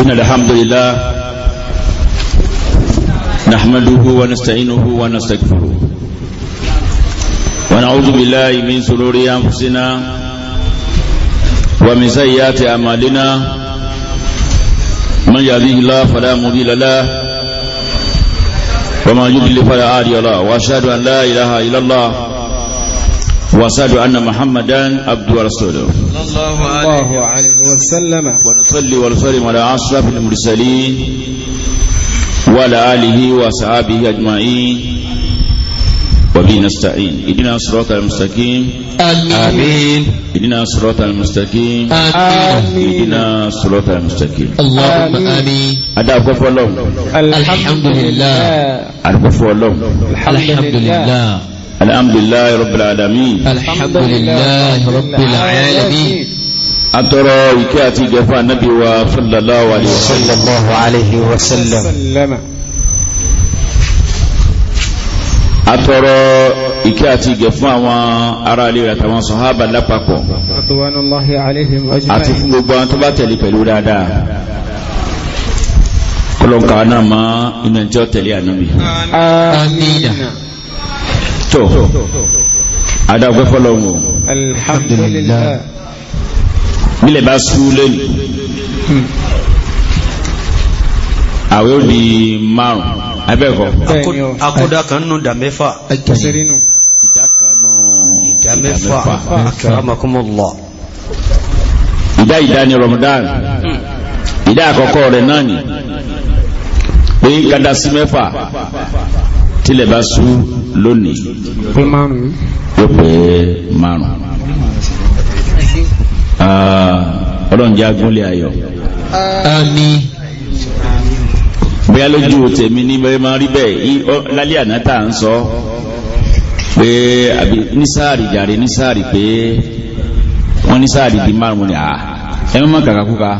إن الحمد لله نحمده ونستعينه ونستغفره ونعوذ بالله من سرور أنفسنا ومن سيئات أعمالنا من يهده الله فلا مضل له ومن يضلل فلا هادي له وأشهد أن لا إله إلا الله وأشهد أن محمدا عبد ورسوله صلى الله عليه وسلم ونصلي ونسلم على أشرف المرسلين وعلى آله وصحابه أجمعين وبه نستعين اهدنا الصراط المستقيم امين اهدنا الصراط المستقيم امين اهدنا الصراط المستقيم اللهم امين ادا كفوا الحمد لله الحمد لله الحمد لله الحمد لله رب العالمين الحمد لله رب العالمين أترى وكاتي جفا النبي صلى الله عليه وسلم صلى الله عليه وسلم أترى ìkíyàtí ìgẹ̀ fún àwọn ará ilé rẹ̀ àtàwọn sọ̀hábà lápapọ̀ àti fún gbogbo àwọn tó bá tẹ̀lé pẹ̀lú dáadáa kọlọ̀nkà náà máa inú ẹjọ́ tẹ̀lé ànábì. amina tó adágbẹ́ fọ́lọ́wọ́ alhamdulillah bílẹ̀ bá sú lẹ́nu àwẹ́ ò di márùn abẹ́kọ̀ akódá kan nù dà mẹ́fà ìdá mẹ́fà akramakumullah ìdá ìdá ni Ramadan ìdá àkọ́kọ́ rẹ̀ náà ni pé kádà sí mẹ́fà tílẹ̀ bá sú lónìí yóò pé márùn ah, ọlọ́njẹ́ agúnlẹ̀ ayọ̀ àmín bóyá lójú tèmi ní bẹ́ẹ̀ máa rí bẹ́ẹ̀ lálẹ́ àná tá à ń sọ pé ní sáàrì jàre ní sáàrì pé wọ́n ní sáàrì di márùn ni àá ẹnu ma kàkà kúka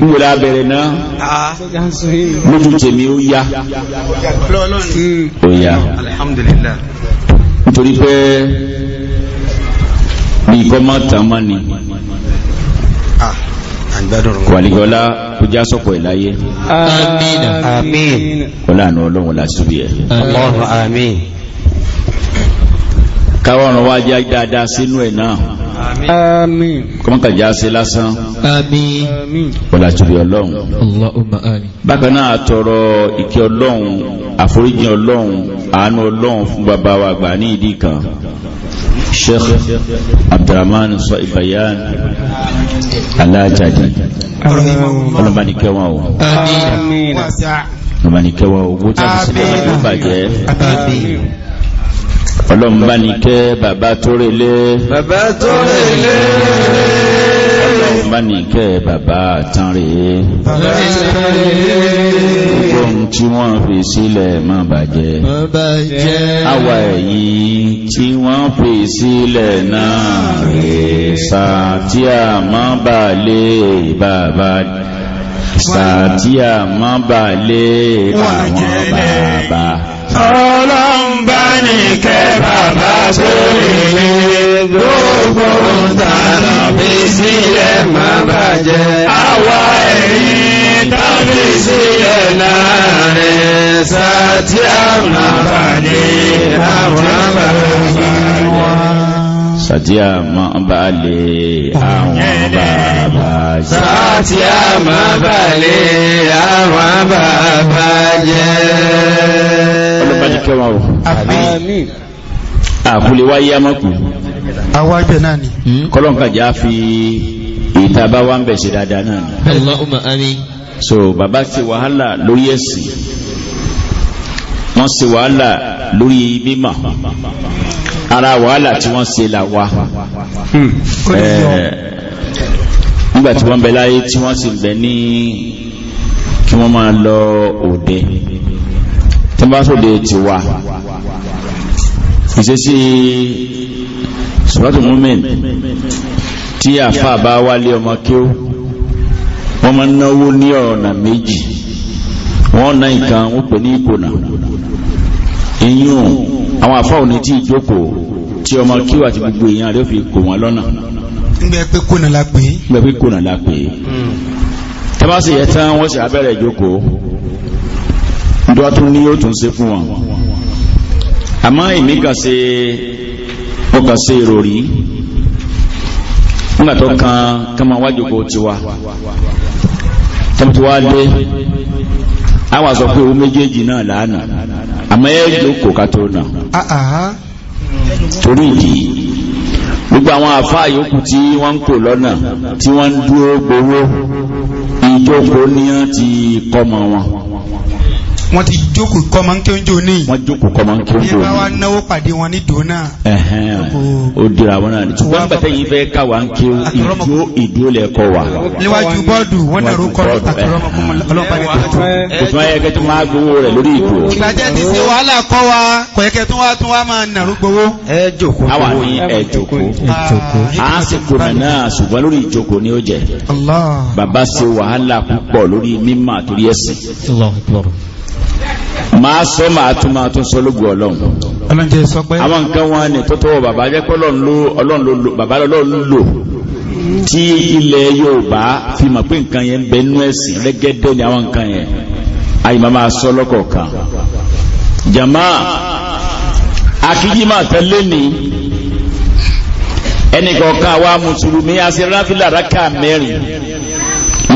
n wòle abẹrẹ náà lójú ah. tèmi ó yá ó yá nítorí pé bí ikọ́ má tàn má ni ah, kwaligola kò já sọ́kọ̀ ìláyé àmín kọlá àná ọlọ́run láti súbí ẹ̀ ọlọ́run àmín káwọn ọ̀rọ̀ dáadáa sínú ẹ̀ náà àmín kọ́mọ́ kàjá sí lásán àmín ọ̀làjúrí ọlọ́run bákan náà tọrọ ìkẹ́ ọlọ́run àforíjì ọlọ́run àánú ọlọ́run fún bàbá wa àgbà ní ìdí kan sheikh abdulrahman sọ ìbàyàn alájáde ọlọ́mọ ní kẹwàá o ọlọ́mọ ní kẹwàá o gbọ́dọ̀ sọ pé ọmọ ìlú bàjẹ́ ọlọ́mbá ní kẹ́ bàbá tó rẹ̀lẹ́ bàbá tó rẹ̀lẹ́ ọlọ́mbá ní kẹ́ bàbá tán rẹ̀ gbogbo tí wọ́n fi sílẹ̀ má bàjẹ́ àwa èyí tí wọ́n fi sílẹ̀ náà rẹ̀ tí a má bà lè bàbá sáà tí a má bà lè àwọn bàbá ọlọ́run bá ní kẹ́ bàbá sórí rẹ̀ gbogbo tààrà bí sílẹ̀ má bàjẹ́ àwa ẹ̀yìn tàbí sílẹ̀ láàrin sátí àmàbà ní àwọn àbàbà sàtí àmọ́ bá lè àwọn bàbá jẹ́ sàtí àmọ́ bá lè àwọn bàbá jẹ́ ọlọ́bàájí kẹwàá o àmín àkúlé wáyé awa awájẹ́ náà ni hmm? kọlọ́nkàjá fi ìtàbá wa ń bẹ̀ sí dáadáa náà ni Allahumma àmín so bàbá ti wàhálà lórí ẹ̀sìn wọ́n sì wàhálà lórí mímọ̀ ara wàhálà tí wọ́n ṣe là wá hmm. eh, nígbà tí wọ́n bẹ láyé tí wọ́n sì bẹ ní kí wọ́n máa lọ òde tí wọ́n bá sóde ti wà ìṣesí sọ́tò mọ́mìn tí àfà bá wálé ọmọ kí ó wọ́n máa náwó ní ọ̀nà méjì wọ́n náà ìkan ó pè ní ìkònà ìyún àwọn àfá òní tí ìjókòó tí ọmọ kíwà ti gbogbo èèyàn rẹ̀ fi kò wọn lọ́nà ńgbẹ́ pé kò náà lápé ńgbẹ́ pé kò náà lápé tẹ́básì yẹ tán wọ́n sì abẹ́rẹ̀ ìjókòó ǹdọ́ ní ó tún ṣe fún wọn àmọ́ èmi kà ṣe ọkà ṣe ìròrí nígbà tó kan kama wájòkó tiwa tẹ́bùtù wá dé àwọn àsọ pé o méjèèjì náà lánàá àmọ́ ẹ jókòó ká tó náà Ah, ah. torí ìdí gbogbo àwọn àfáà yòókù tí wọ́n ń kò lọ́nà tí wọ́n ń dúró gbowó ìjókòó níyàn ti kọ́mọ wọn wọ́n ti jókòó kọ́ máa ń kí oúnjẹ òní. wọ́n jókòó kọ́ máa ń kí oúnjẹ òní. bí wàá náwó pàdé wọn ní dòónà. ó dira wọn náà wọn bàtẹ́ yìí fẹ́ ká wa ń kí ìjó ìdúró lẹ̀ kọ́ wa. níwájú bọ́ọ̀dù wọn náà rúkọ lórí ìjókòó ni ó jẹ bàbá ṣe wàhálà púpọ̀ lórí mímọ̀ àtúrí ẹ̀sìn máa sọ máa tún máa tún sọ lógo ọlọ́run àwọn nǹkan wọn ni tó tọwọ́ bàbá jẹ́ pé bàbá ọlọ́run lò tí ilẹ̀ Yorùbá fi mọ̀ pé nǹkan yẹn ń bẹ nú ẹ̀sìn rẹ́gẹ́dẹ́ ni àwọn nǹkan yẹn àyìnbá máa sọ lọ́kọ̀ọ̀kan jama akíjí máa tẹ̀lé ni ẹnìkọ̀ọ̀kan wa mùsùlùmí a ráfílà rákà mẹ́rin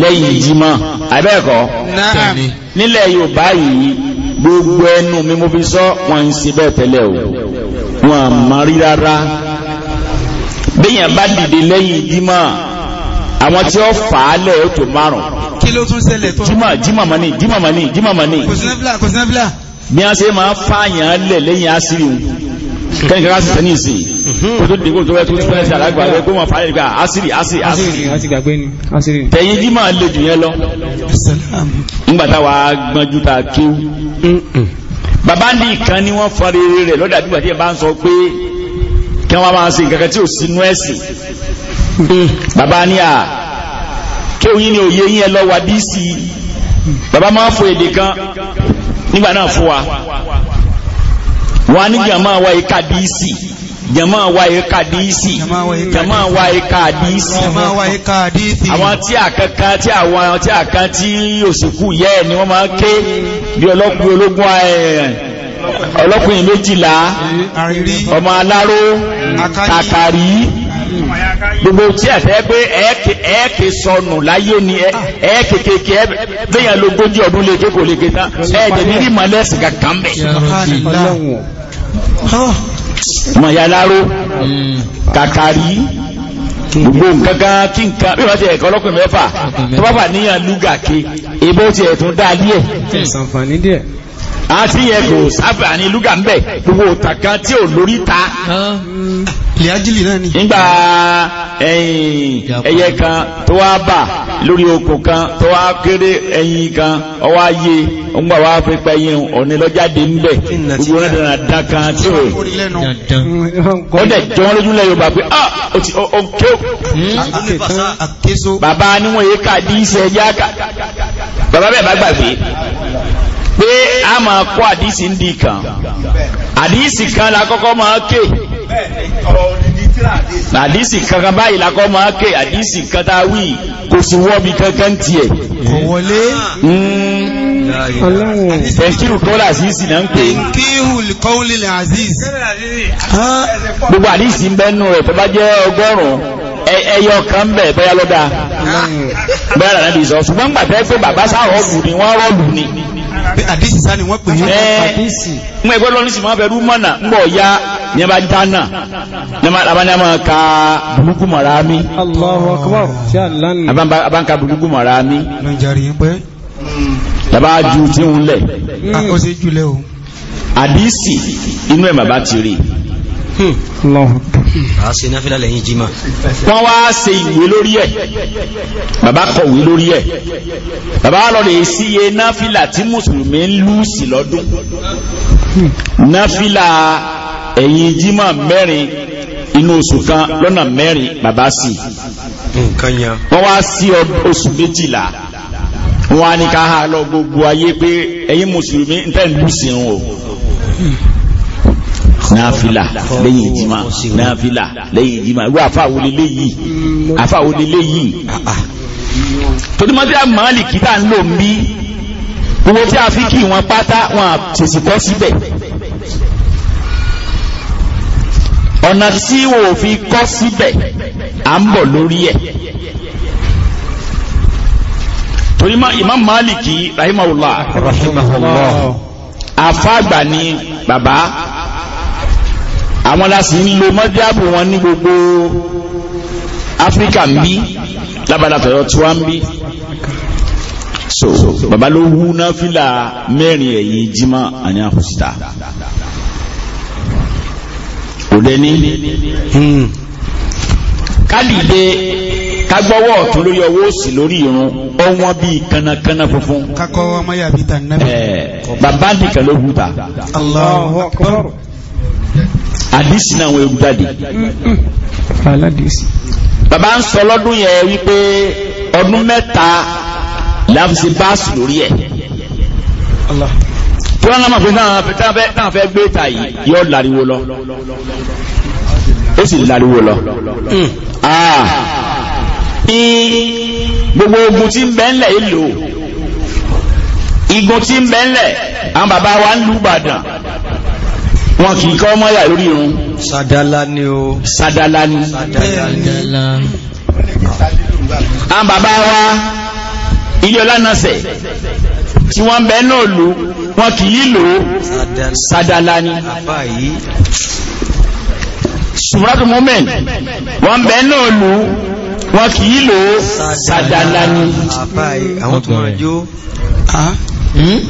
lẹ́yìn jímọ̀ àbẹ́ẹ̀kọ́ nílẹ̀ Yorùbá yìí gbogbo ẹnu mi mo fi sọ wọn ń ṣe bẹ́ẹ̀ tẹ́lẹ̀ o wọn à mọ rí rárá béèyàn bá dìde lẹ́yìn jímọ̀ àwọn tí ó fà á lẹ̀ ó tó márùn. kí ló tún ṣẹlẹ̀ tó. jímọ̀ jímọ̀ mọ́ni jímọ̀ mọ́ni jímọ̀ mọ́ni. kò sí náà kò sí náà bí wọ́n ṣe máa ń fààyàn lẹ̀ lẹ́yìn àṣírí wọn kẹ́yìn kẹ́kẹ́ sísẹ́ ní ìsìn kó tó dìgbò tó wẹ́ tó sísẹ́ sí alágbà rẹ̀ kó mọ̀ fàyè gbà asiri asiri asiri tẹ̀yìn jí máa lè jù yẹn lọ ńgbàtà wa gbọ́njú ta kíw bàbá ní ìkan ni wọ́n fọ́ rere rẹ̀ lọ́dà bí bàtí ẹ̀ bá ń sọ pé kí wọ́n máa ṣe nǹkan kan tí ò sínú ẹ̀sìn mm. bàbá ní à kí òyìn ni òye yín ẹ lọ wà bàbá máa ń èdè kan nígbà náà fún wa wọ́n ní jama wa ika díìsì jama wa ika díìsì jama wa ika díìsì àwọn tí àkàkà tí àwọn tí àkà tí òsìkú yẹ ni wọ́n máa ké bí ọlọ́pù ológun ọlọ́kùnrin méjìlá ọmọ aláró kàkàrí gbogbo tí àtẹ́ pé ẹ́ẹ̀kì sọnù láyé ni ẹ́ẹ̀kì kéèké bẹ́yàn lógójì ọdún lè kéèkò lè kéta ẹ̀ẹ̀dẹ̀ ní rí mọ̀lẹ́sì kankan bẹ̀ mọ̀yáláró kàkàrí gbogbo nǹkankan kí nǹkan bí wọ́n ti ẹ̀kọ́ ọlọ́kùnrin mẹ́fà tó bá bà níyàn lúgàké ebó ti ẹ̀tún dáa díẹ̀ àti ẹgbò sáfà ní lúgà ń bẹ̀ gbogbo òtàkan tí ò lórí ta lẹ́ájìlì náà ni nígbà ẹ̀yìn ẹyẹ kan tó wá bà lórí okùn kan tó wá kéré ẹyin kan ọwọ́ ayé ọgbà wá fi pẹ́ yẹn ọ̀nà ń bẹ̀ gbogbo náà dára dá kan tí ò ó dẹ̀ jọ lójú lẹ́yìn ọba pé ah ó ti ó ké o hmm? bàbá níwọ̀n yìí kà dí bàbá bẹ́ẹ̀ bá gbàgbé pé a máa kọ́ àdísì ń di kan àdísì kan la kọ́kọ́ máa ké àdísì kankan báyìí la kọ́ máa ké àdísì kan tá a wí kò sí wọ́bi kankan tiẹ̀. wọlé. tẹ̀síù hmm. kọ́lá àzízì náà ń pè. kíhù kọ́lé àzíz. gbogbo àdísì ń bẹ́nu rẹ̀ tó bá jẹ́ ọgọ́rùn-ún ẹyọ kan bẹ̀ bẹ́yà lọ́dá bẹ́yà lọ́dá ìsọ̀ ṣùgbọ́n gbàtẹ́ pé bàbá sáà rọ́lù ni wọ́n rọ́lù ni àdísì sá ni wọ́n pè é eh, àdísì mú ẹgbẹ́ lọ́nà sì máa bẹ̀rù mọ́nà ń bọ̀ ya ní ẹbá dáná ní ẹbá ní ẹmọ ka burúkú mọ̀ra mi Allahu Akbar abá ń ka burúkú mọ̀ra mi tàbá ju tí ń lẹ̀ ah, àdísì inú ẹ̀ màbá ti rí wọ́n wá ṣe ìwé lórí ẹ̀ bàbá kọ̀wé lórí ẹ̀ bàbá lọ lè sí iye náfìlà tí mùsùlùmí ń lù sí lọ́dún náfìlà ẹ̀yìn jímọ̀ mẹ́rin inú oṣù kan lọ́nà mẹ́rin bàbá sí wọ́n wá sí oṣù méjìlá wọ́n á ní ká lọ gbogbo ayé pé ẹ̀yin mùsùlùmí ń tẹ́ ń lù wọn o náàfílà lẹ́yìn ìjímá náàfílà lẹ́yìn ìjímá irú àfáwọlé léyìí àfáwọlé léyìí ah, ah. torímọ́tí àmàlì kìtà ń lò ń bí owó tí a fi kí wọn pátá wọn àtẹ̀sì kọ́ síbẹ̀ ọ̀nà tí wò fi kọ́ síbẹ̀ à ń bọ̀ lórí ẹ̀ torí Imam Málìkì rahimahullah rahimahullah àfáàgbà ni bàbá àwọn lásì ń lo mọ́díàbù wọn ní gbogbo áfíríkà ń bí lábàdà tí wọ́n ń bí so bàbá ló wú náà fílà mẹ́rin ẹ̀yìn jímọ̀ àní àkùsítà kò dẹni hmm. kálìdé kagbọ́wọ́ tó lórí ọwọ́ òsì lórí irun ọwọ́n bí kanakana funfun kakọwọ́ maya bí tànàbí eh, bàbá nìkan ló hùta Allahu Akbar àdísì náà wọ́n ewu jáde bàbá ń sọ lọ́dún yẹn wípé ọdún mẹ́ta láfisí báàsì lórí ẹ̀ tí wọ́n lámà pé náà fẹ́ gbé ta yìí yóò láriwo lọ ó sì láriwo lọ hmm. ah. gbogbo ogun tí ń bẹ ńlẹ̀ ìlò igun tí ń bẹ ńlẹ̀ àwọn bàbá wa ń lù wọn kì í kọ́ mọ́yà lórí irun sàdálá ni o sàdálá ni a bàbá wa ilé ọlánàṣẹ́ tí wọ́n bẹ̀ náà lò wọn kì í lò sàdálá ni ṣùgbọ́n moment wọ́n bẹ̀ náà lò wọn kì í lò sàdálá ni Hmm?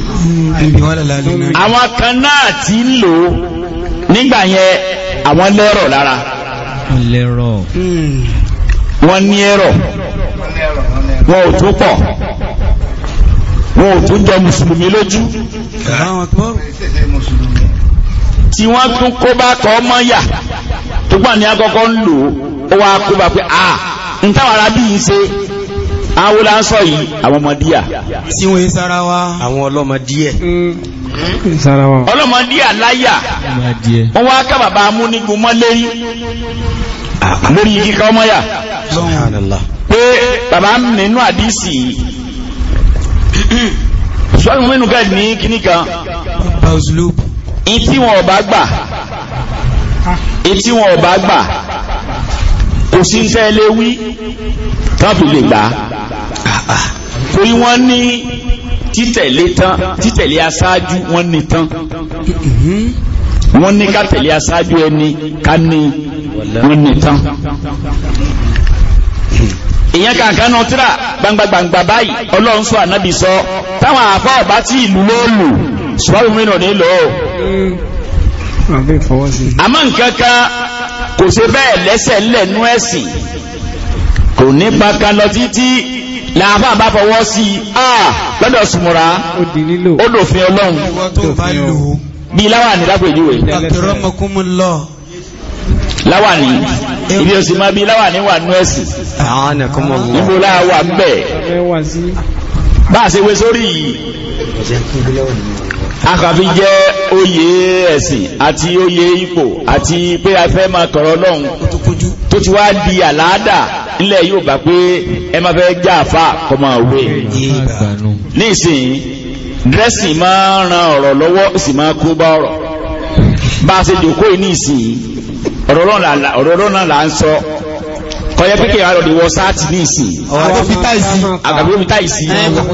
àwọn kan náà ti ń lò nígbà yẹn àwọn lẹ́rọ̀ lára wọ́n ní ẹ̀rọ wọn ò tó pọ̀ wọn ò tó jọ mùsùlùmí lójú tí wọ́n tún kó bá kọ́ mọ́ yà tó gbà ní àkọ́kọ́ ń lò ó wá kó bá pé à ń táwọn arábí yìí ṣe àwọn olá ń sọ yìí àwọn ọmọdíà tí wọ́n sára wá àwọn ọlọ́mọdíẹ̀ ọlọ́mọdíà láyà wọ́n wá ká bàbá amúnigun mọ́ lérí lórí kíkà ọmọyà pé bàbá nínú àdísì ṣọ́gbọ́n mẹ́nu ká ní kíníkan ìtí wọn ọba gbà ìtí wọn ọba gbà kò sí ń tẹ́lẹ̀ wí tọ́pù lè gbà torí wọ́n ní títẹ̀lé tán títẹ̀lé aṣáájú wọ́n ní tán wọ́n ní ká tẹ̀lé aṣáájú ẹni ká ní wọ́n ní tán ìyẹn kankan náà tíra gbangbangba báyìí ọlọ́run sọ ànábì sọ táwọn àfọ́ ọ̀bá tí ìlú ló lù ṣùgbọ́n mi nà nílò àmọ́ nǹkan kan kò ṣe bẹ́ẹ̀ lẹ́sẹ̀ ńlẹ̀ nú ẹ̀sìn kò ní baka lọ títí láàfà bá fọwọ́ sí àà lọ́dọ̀ súnmọ́ra ó dòfin ọlọ́run bí láwà ní lápò ìjúwe láwà ní ibi òsì máa bí láwà ní wà nọ́ẹ̀sì níbo láwà ń bẹ̀ bá a ṣe wé sórí yìí jẹ́ oyè ẹ̀sìn àti oyè ipò àti pé a máa tọ̀rọ̀ lọ́hùn tó ti wá di àláàdà nílẹ̀ yóò bá pé ẹ máa fẹ́ já àfà kọ́ máa wé nísìnyí dírẹ́sì máa ran ọ̀rọ̀ lọ́wọ́ sì máa kó bá ọ̀rọ̀ bá a ṣe jòkó yìí nísìnyí ọ̀rọ̀ ọlọ́run là ń sọ kọjá pé kéwàá lọ́dí wọ sáàtì ní ìsìn àgbàgbé táìsì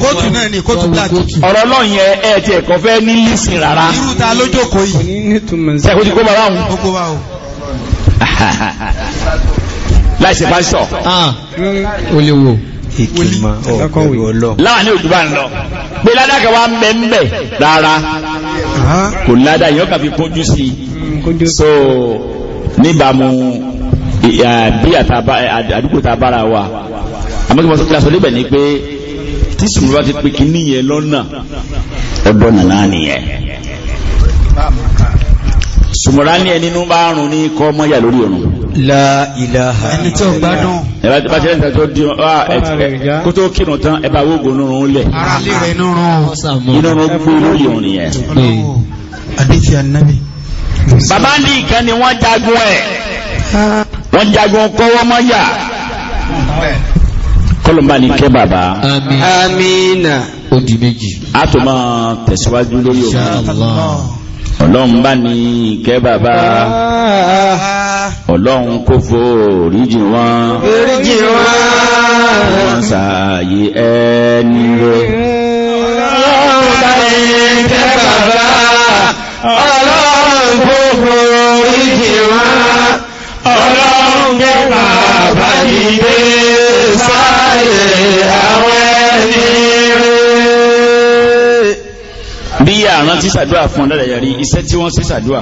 kóòtù náà ni kóòtù black ọ̀rọ̀ náà yẹ ẹ ti ẹ̀kọ́ fẹ́ ní lísìn rárá irú ta lójókòó yìí ẹ̀kọ́ ti kó bàbá òun láìsí pásítọ̀ olèwò láwà ní òjúbà ń lọ pé ládàkà wá mẹ́mẹ́ rárá ah. kò ládà yóò kàfi kójú sí mm, so níbàmú bí àdúgbò ta bára wa amẹ́kẹ́mọ́ sọ kílásọ níbẹ̀ ni pé tí sùnmọ́ bá ti pé kí níyẹn lọ́nà ọdọ́ nàná nìyẹn sùmọ̀rá ní ẹni bá rùn ní kọ́ mọ́yà lórí ọ̀run la ilaha ẹni tó gbádùn ẹbá tí lẹ́nìí tó di ọ́ ah, kó tó kírun tán ẹbá wógo nínú lẹ̀ inú rún gbó lórí ọ̀run yẹn. àdìsí ànábì. bàbá ní ìkan ni wọ́n jagun ẹ̀ wọ́n jagun kọ́wọ́ mọ́yà kọlọmbà ní kẹ bàbá amina ó di méjì a tó máa tẹ̀síwájú lórí ọ̀run ọlọ́run bá ní ìkẹ́ bàbá ọlọ́run kó fò ríjì wọn ríjì wọn sààyè ẹni rẹ ọlọ́run bá ní ìkẹ́ bàbá ọlọ́run kó fò ríjì wọn ọlọ́run kẹ́ bàbá yìí dé sáàyè àwọn ẹni bí àrán tí sàdúà fún ọ̀dọ́dẹ̀ yẹrí iṣẹ́ tí wọ́n sí sàdúà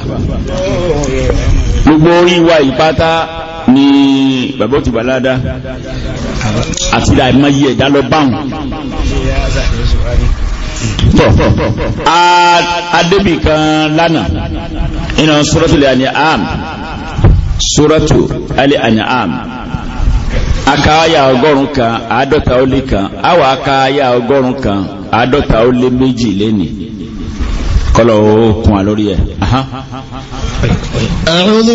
gbogbo orí wa ìpátá ni bàbá òtù balada àti àìmọye ẹ̀dá lọ báhùn tọ́ adébì kan lánàá iná suratul an'am suratu al-an'am Akaaya ọgọ́rùn kan àádọ́ta ó lé kan àwọ̀ akáyà ọgọ́rùn kan àádọ́ta ó lé méjì léni kọlọ̀ okun àlórí ẹ̀ أعوذ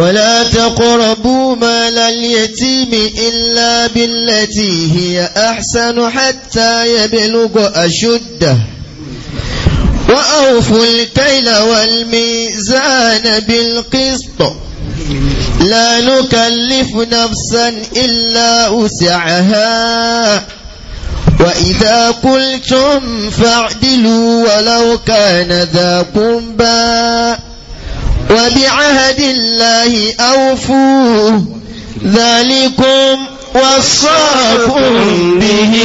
ولا تقربوا مال اليتيم إلا بالتي هي أحسن حتى يبلغ أشده وأوفوا الكيل والميزان بالقسط لا نكلف نفسا إلا وسعها وإذا قلتم فاعدلوا ولو كان ذا قربا وبعهد الله أوفوا ذلكم وصاكم به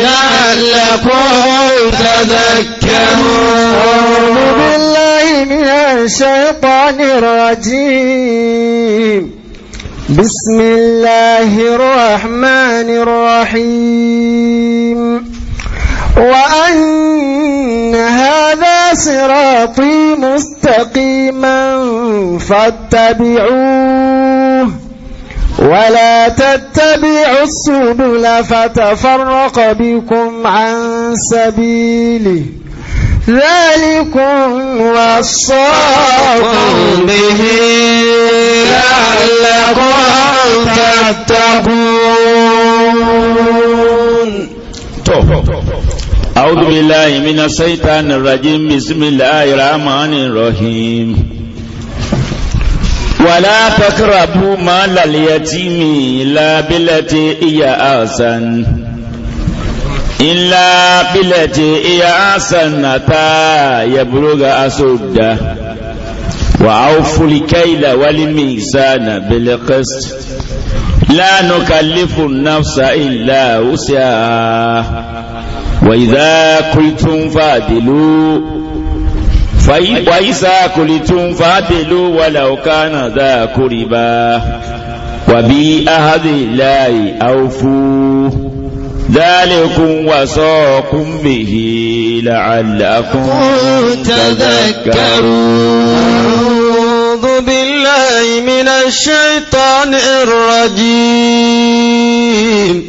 لعلكم تذكرون بالله من الشيطان الرجيم بسم الله الرحمن الرحيم وأن هذا صراطي مستقيما فاتبعوه ولا تتبعوا السبل فتفرق بكم عن سبيله ذلكم وصاكم به لعلكم تتقون أعوذ بالله من الشيطان الرجيم بسم الله الرحمن الرحيم ولا تقربوا مال اليتيم إلا بالتي هي أحسن إلا بالتي هي أحسن حتى يبلغ أشده وأوفوا الكيل والميزان بالقسط لا نكلف النفس إلا وسعها وإذا قلتم فعدلوا وإذا قلتم فعدلوا ولو كان ذا قربا وبأهد الله أوفوا ذلكم وصاكم به لعلكم تذكرون أعوذ بالله من الشيطان الرجيم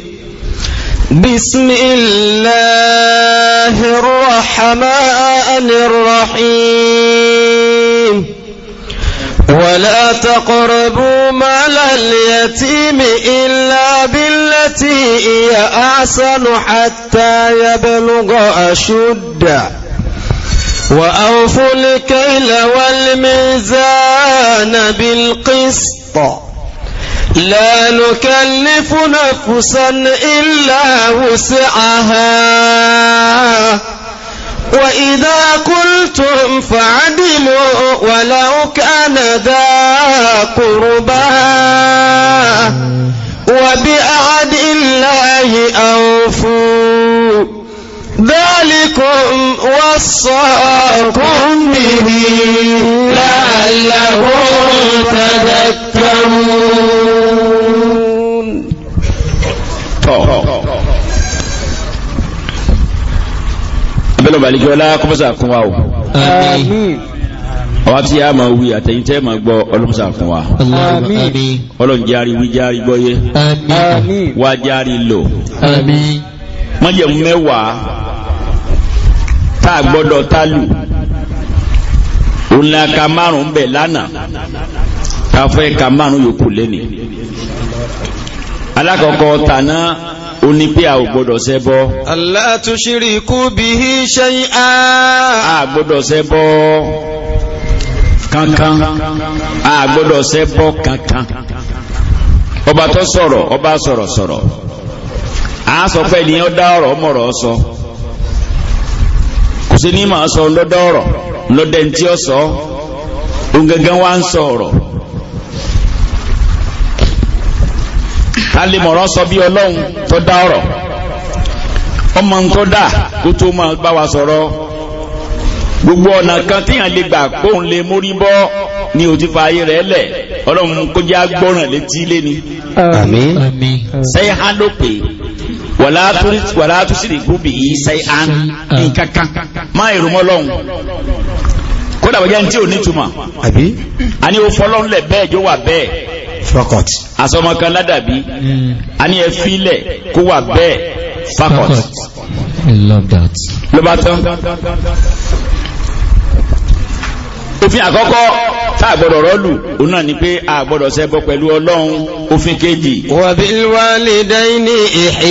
بسم الله الرحمن الرحيم ولا تقربوا مال اليتيم إلا بالتي هي أحسن حتى يبلغ أشد وأوفوا الكيل والميزان بالقسط لا نكلف نفسا إلا وسعها وإذا قلتم فعدلوا ولو كان ذا قربا وبأعد الله أوفوا ذلكم وصاكم به لعلهم تذكرون tọ̀ abẹ́lẹ̀ balẹ̀ ọlá kọ́mọ́sà kún wa o ọwá tí a máa wí àtẹ̀yìn tẹ́ máa gbọ́ ọlọ́mọsà kún wa ọlọ́run járí wí járí gbọ́yé wá járí lò mọ́jẹ̀mú mẹ́wàá tá a gbọ́dọ̀ tálù òun la ka márùn-ún bẹ̀ lánàá ká ka márùn-ún yòókù lẹ́nìí alákọ̀ọ́kọ́ tàná ó ní pé a ò gbọ́dọ̀ ṣẹbọ. Allah tushiriku bihi shay'a. a gbọ́dọ̀ ṣẹbọ kankan a gbọ́dọ̀ ṣẹbọ kankan ọba tó sọ̀rọ̀ ọba sọ̀rọ̀ sọ̀rọ̀ a sọ pé ní ọdá ọ̀rọ̀ ọmọọ̀rọ̀ sọ kò sí ní màá sọ lọ́dọ̀ ọ̀rọ̀ lọ́dẹ̀ ntí ọ sọ òun gangan wá ń sọ ọ̀rọ̀ ká lè mọ̀rọ̀ sọ bí ọlọ́run tó dá ọ̀rọ̀ ọmọ tó dá kó tó máa bá gbogbo ọ̀nà kan téèyàn lè gbà kóun lè mórí bọ́ ní òtí fa ayé rẹ̀ lẹ̀ ọlọ́run kó jẹ́ agbọ́ràn létí lé ni. sẹ́yìn hàn ló pè wàlá yìí sẹ́yìn hàn ní kankan lọ́hùn kódà ní tí fakọt asọmọkan ládàbí hmm. a ní ẹ fílẹ̀ kó wà bẹ́ẹ̀ fakọt I love that ló bá tán òfin àkọ́kọ́ tá àgbọ̀dọ̀ rọ́lù òun náà ni pé àgbọ̀dọ̀ ṣẹbọ pẹ̀lú ọlọ́run òfin kejì. wabil walidaini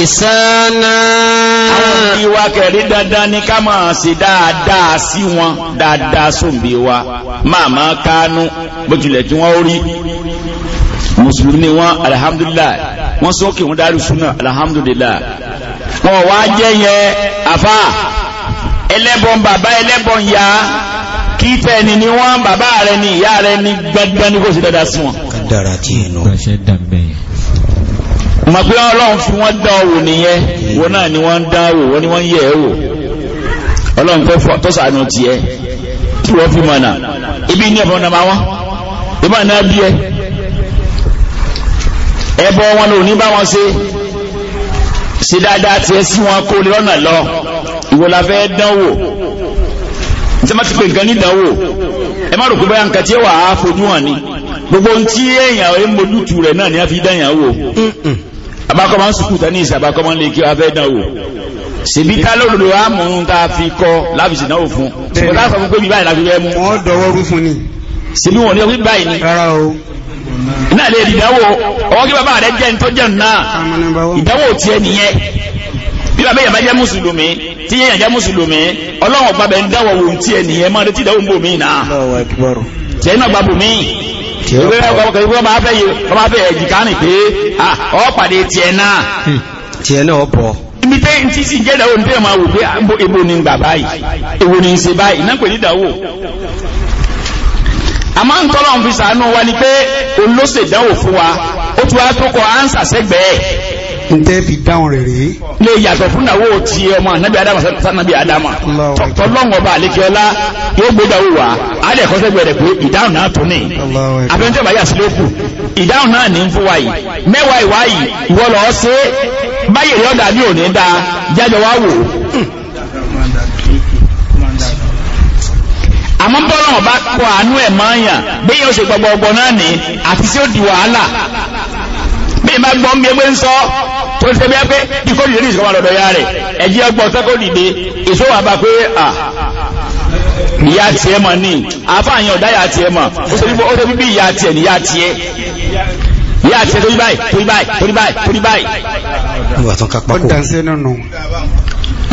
ihsana. àwọn òbí wa dandan ni ká máa ṣe dáadáa sí wọn dáadáa sóǹbí wa máa máa kánú bó tí wọ́n rí mùsùlùmí ni wọn alihamdulilayi wọn sọkè wọn dárí sunna alihamdulilayi wọn wá jẹ yẹ afa ẹlẹbọn bàbá ẹlẹbọn ya kí tẹni ni wọn bàbá rẹ ni ìyá rẹ ni gbẹgbẹ ní kò sí dada sí wọn. kádàrá tí yẹn nù. mọ̀ pé ọlọ́run fi wọ́n dán wò nìyẹn wọn náà ni wọ́n ń dán wò wọ́n ni wọ́n ń yẹ̀ ẹ́ wò ọlọ́run fẹ́ fọ́ tọ́sánù tiẹ̀ tí wọ́n fi mọ̀ náà ibi ní ẹ̀fọn náà máa wọ́n ìbọn náà bí ẹ ẹbọ wọn ló ní bá wọn ṣe ṣe dáadáa tiẹ̀ sí wọn kó lọ́nà lọ ìwọ la fẹ́ dánwò tí wọ́n ti pè nǹkan nídánwò ẹ má rò pé báyà nǹkan tí wà á fojú hàn ni gbogbo ohun tí èèyàn ẹ mójútu rẹ̀ náà ni a fi dáyàn wò abakọ máa ń sùkúù tán ní ìsìn abakọ máa ń lè kí wọn fẹ́ dánwò ṣèbí tá lóòrò àmúhun tá a fi kọ lábìsì náà fún ṣèbí tá a sọ fún pé bí báyìí la fi mú. wọ́n ni. wọn ní Na lè rí ìdánwò ọwọ́ kí bàbá rẹ̀ jẹ́ ní tó jẹ́ náà ìdánwò tí ẹ nìyẹn bí bàbá yẹn jẹ́ mùsùlùmí tí yẹn jẹ́ mùsùlùmí ọlọ́run ọba bẹ̀ nìyẹn máa retí bò mí náà bò mí tiẹ̀ náà hmm. ni ni àmá ń tọ́lọ̀ ń fi sàánú wa ni pé olóṣè dánwò fún wa ó tún wá tó kọ ánsà sẹ́gbẹ̀ẹ́ n tẹ́ fi dáhùn rẹ̀ rí lè yàtọ̀ fún ìnáwó ti ọmọ anábì adama sanabi adama tọ́lọ́wọ́ bá àlékiọlá yóò gbégbàwó wa alẹ́kọ́ sẹ́gbẹ̀rẹ̀ pé ìdáhùn náà tó ní abẹ́ntẹ́ bá yà sí lókù ìdáhùn náà ní fún wa yìí mẹ́wàá ìwá yìí ìwọ lọ́ọ́ sí báyìí rí ọ̀dà ní òní dáa jájọ wá wò àmọ́ bọ́lọ̀ bá kọ àánú ẹ̀ máa yàn bí yóò ṣe gbogbo ọgbọ̀n náà ní àti tí ó di wàhálà bí ìbá gbọ́n bí ẹgbẹ́ ń sọ tó ń tẹ́bí ẹgbẹ́ bí kò dìde ìṣọ́wà lọ́dọ̀ ya rẹ̀ ẹ̀jí ọgbọ̀n tó kò dìde èso wà bá pé à ìyá tiẹ̀ mọ̀ ní àfààyàn ọ̀dá ìyá tiẹ̀ mọ̀ ó ṣe bí ìyá tiẹ̀ ní tiẹ̀ ìyá tiẹ̀ torí báyìí torí báyìí torí báyìí báyìí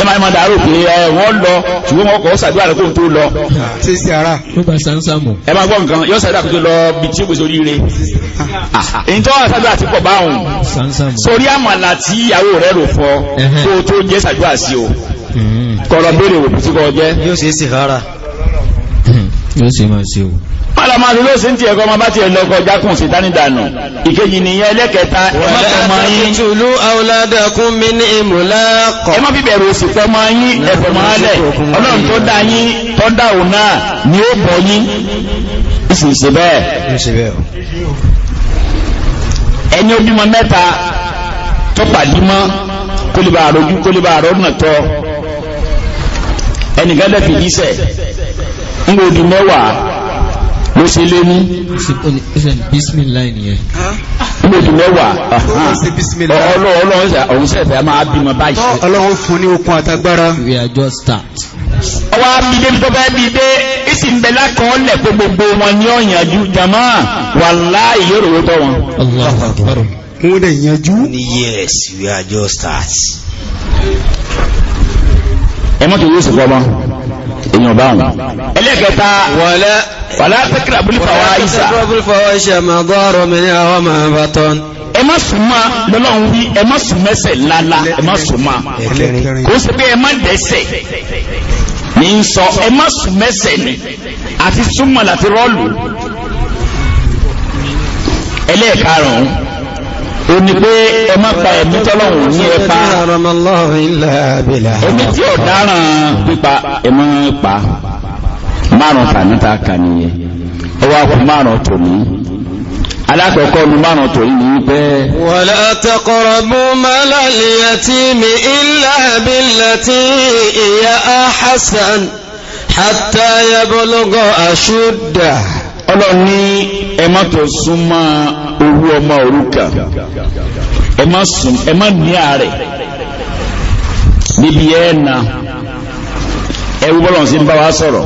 lẹ́mà ẹmọ dàárò pé ẹ wọ́n lọ ṣùgbọ́n wọn kọ́ sàdúrà rẹ̀ kó tó lọ. sísè ara. ó bá sàmù. ẹ máa gbọ́ nǹkan yóò sàdúrà kó tó lọ bí tí ó gbèsè oríire. ìjọ sàdúrà ti pọ̀ báwọn. sórí àmàlà tí ìyàwó rẹ̀ rò fọ kó tó jẹ́ sàdúrà sí o. Hmm. kọ̀rọ̀ béèrè òkú tí kò jẹ́. yóò ṣe é sì rárá. Hmm. yóò ṣe máa ṣe o. mọ́làmá ti ló sì ń tiẹ̀ kọ́ ọmọ bá tiẹ̀ lọ kọjá kùn sí dánidànù ìkejì nìyẹn ẹlẹ́kẹta ẹmọ́kọ̀ọ́mọ yín tùlú awladakum min imlaq ẹmọ́ bíbẹ̀rù òsì fọmọ yín ẹ̀fọ̀mọ́ alẹ̀ ọlọ́run tó dá yín tó dá òun náà ni ó bọ̀ yín ìsìnsì bẹ́ẹ̀ ẹni ó mẹ́ta tó pàdímọ́ kólébà àròjú kólébà àròdùnà tọ́ ẹnìkan lẹ́fì yíṣẹ́ ń gbòdì mẹ́wàá ló ṣe lé ní ìgbèdì mẹ́wàá ọlọ́run ṣẹ̀fẹ̀ a máa bímọ báyìí ọlọ́run fún ní okun àtagbára ọwá bídé tó fẹ́ bídé ìsì ń bẹ lákọọ́lẹ̀ pé gbogbo wọn ní ọ̀yànjú jama wà láì yóò rò tọ́ wọn wọ́n dẹ̀ yanjú yes we are just start ẹmọ́ tó yóò sì fọ́ mọ́ èèyàn báwọn ẹlẹ́kẹta wọ́lẹ́ fàlá tẹ́kìrì àbúlífà wa ìsà ẹ má súnmọ́ lọ́lọ́run wí ẹ má súnmẹ́sẹ̀ lálá ẹ má súnmọ́ kò sí pé ẹ má dẹ́sẹ̀ ní ń sọ ẹ má súnmẹ́sẹ̀ ni àti súnmọ́ láti rọ́ọ̀lù ẹlẹ́ẹ̀karùn-ún ó ní pé ẹ má pa ẹ̀mí tọ́lọ́run ní ẹpa ẹ̀mí tí ọ̀daràn pípa ẹ pa márùn tàní ta kà nìyẹn ó wá kú márùn tòní alákọ̀ọ́kọ́ ní márùn tòní ní pé wala taqrabu malal yatimi illa billati hiya ahsan hatta yablugha ashuddah ọlọ́run ní ẹ tó súnmọ́ owó ọmọ òrukàn ẹ ní ààrẹ níbi ẹ̀ ẹwú bọ́lọ̀ sí bá wa sọ̀rọ̀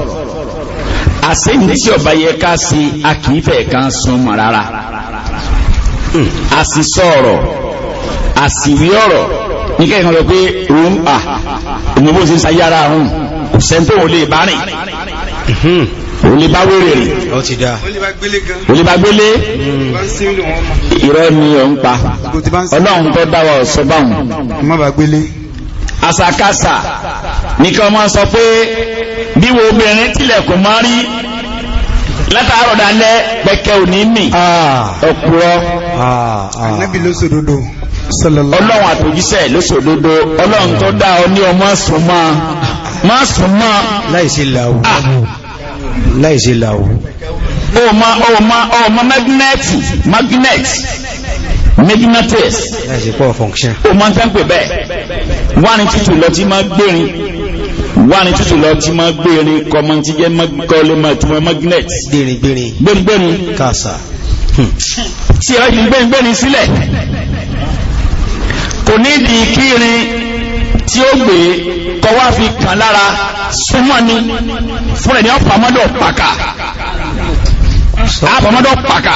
àṣẹ́yìntì ọba yẹ ká sí a kìí fẹ́ kan súnmọ́ rárá àṣìṣọ́ọ̀rọ̀ hmm. àṣìwí ọ̀rọ̀ ní kẹ́kẹ́ lọ pé òun à òun bó ṣe ń sayé ara òun kò sẹ́ńtò òun lè bá rìn hmm. òun lè bá wéré rìn òun lè bá gbélé irọ́ ni òun pa ọlọ́run tó dáwọ́ sọ báwọn àsàkásà nìkan máa sọ pé bí wo obìnrin tilẹ̀kùn máa rí látàárọ̀ dalẹ́ pẹ̀kẹ́ òní mì ọ̀pùrọ̀ anábì lóṣòdodo ọlọ́run àtòjíṣẹ́ lóṣòdodo ọlọ́run tó dá ọ ní ọmọ súnmọ́ má súnmọ́ láìsí làwù ah. láìsí làwù ọmọ ọmọ ọmọ magnẹ́tì magnẹ́tì magnetis láìsí pọ̀ function ọmọ tẹ́ ń pè bẹ́ẹ̀ wà ní tútù lọ tí máa gbérin wà ní tútù lọ tí máa gbérin kọmọ tí jẹ́ kọ́lé mọ̀túnmọ̀ magnet gbéringbérin kàṣà hmm. tí ẹ̀rọ yìí gbéringbérin sílẹ̀ kò ní di kírin tí ó gbé kọwá fi kàn lára súnmọ́ ni fún ẹ̀dẹ́ ọ̀pàmọ́dọ̀ pàkà àpàmọ́dọ̀ pàkà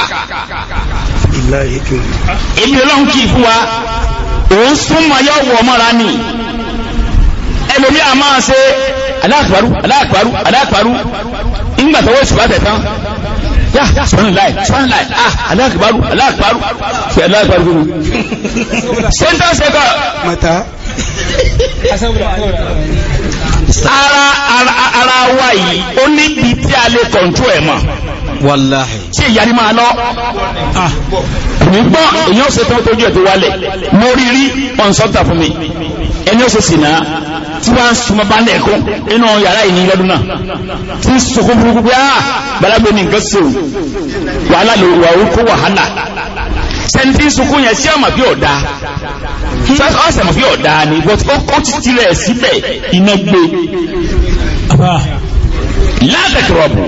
èmi ọlọ́run kì í fún wa òun súnmọ́ yọ wọ̀ mọ́ra ni ẹlòmí a máa ṣe aláàkparú aláàkparú aláàkparú ìgbà tọwọ́ ìṣùgbà tẹ̀tán yá sọ́nù láì sọ́nù láì ah aláàkparú aláàkparú ṣe aláàkparú gbogbo ṣẹ́ńtà ṣẹ́kọ̀ mọ̀tá ara ara wa yìí ó níbi tí a lè kọ̀ntú ẹ̀ mọ̀ wàláhì tí èyà ní máa lọ nígbọ́ ah. èyàn ó ṣe tán tójú ẹ̀ tó wálẹ̀ mo rí rí ọ̀nsọ́ta fún mi ẹni ó ṣe sì náà tí wọ́n ń súnmọ́ bá lẹ́ẹ̀kọ́ inú yàrá ìní lọ́dún náà tí ń sọkún burúkú pé áà ah, balagbé ní nǹkan sèw wàhálà ló wà ó wàhálà sẹ́ńtì sunkún yẹn sí ọmọ bí ọ̀dà ọ̀sẹ̀ mọ̀ bí ọ̀dà ni but ó kó títí rẹ̀ síbẹ̀ iná gbé látẹ̀kìrọ̀bù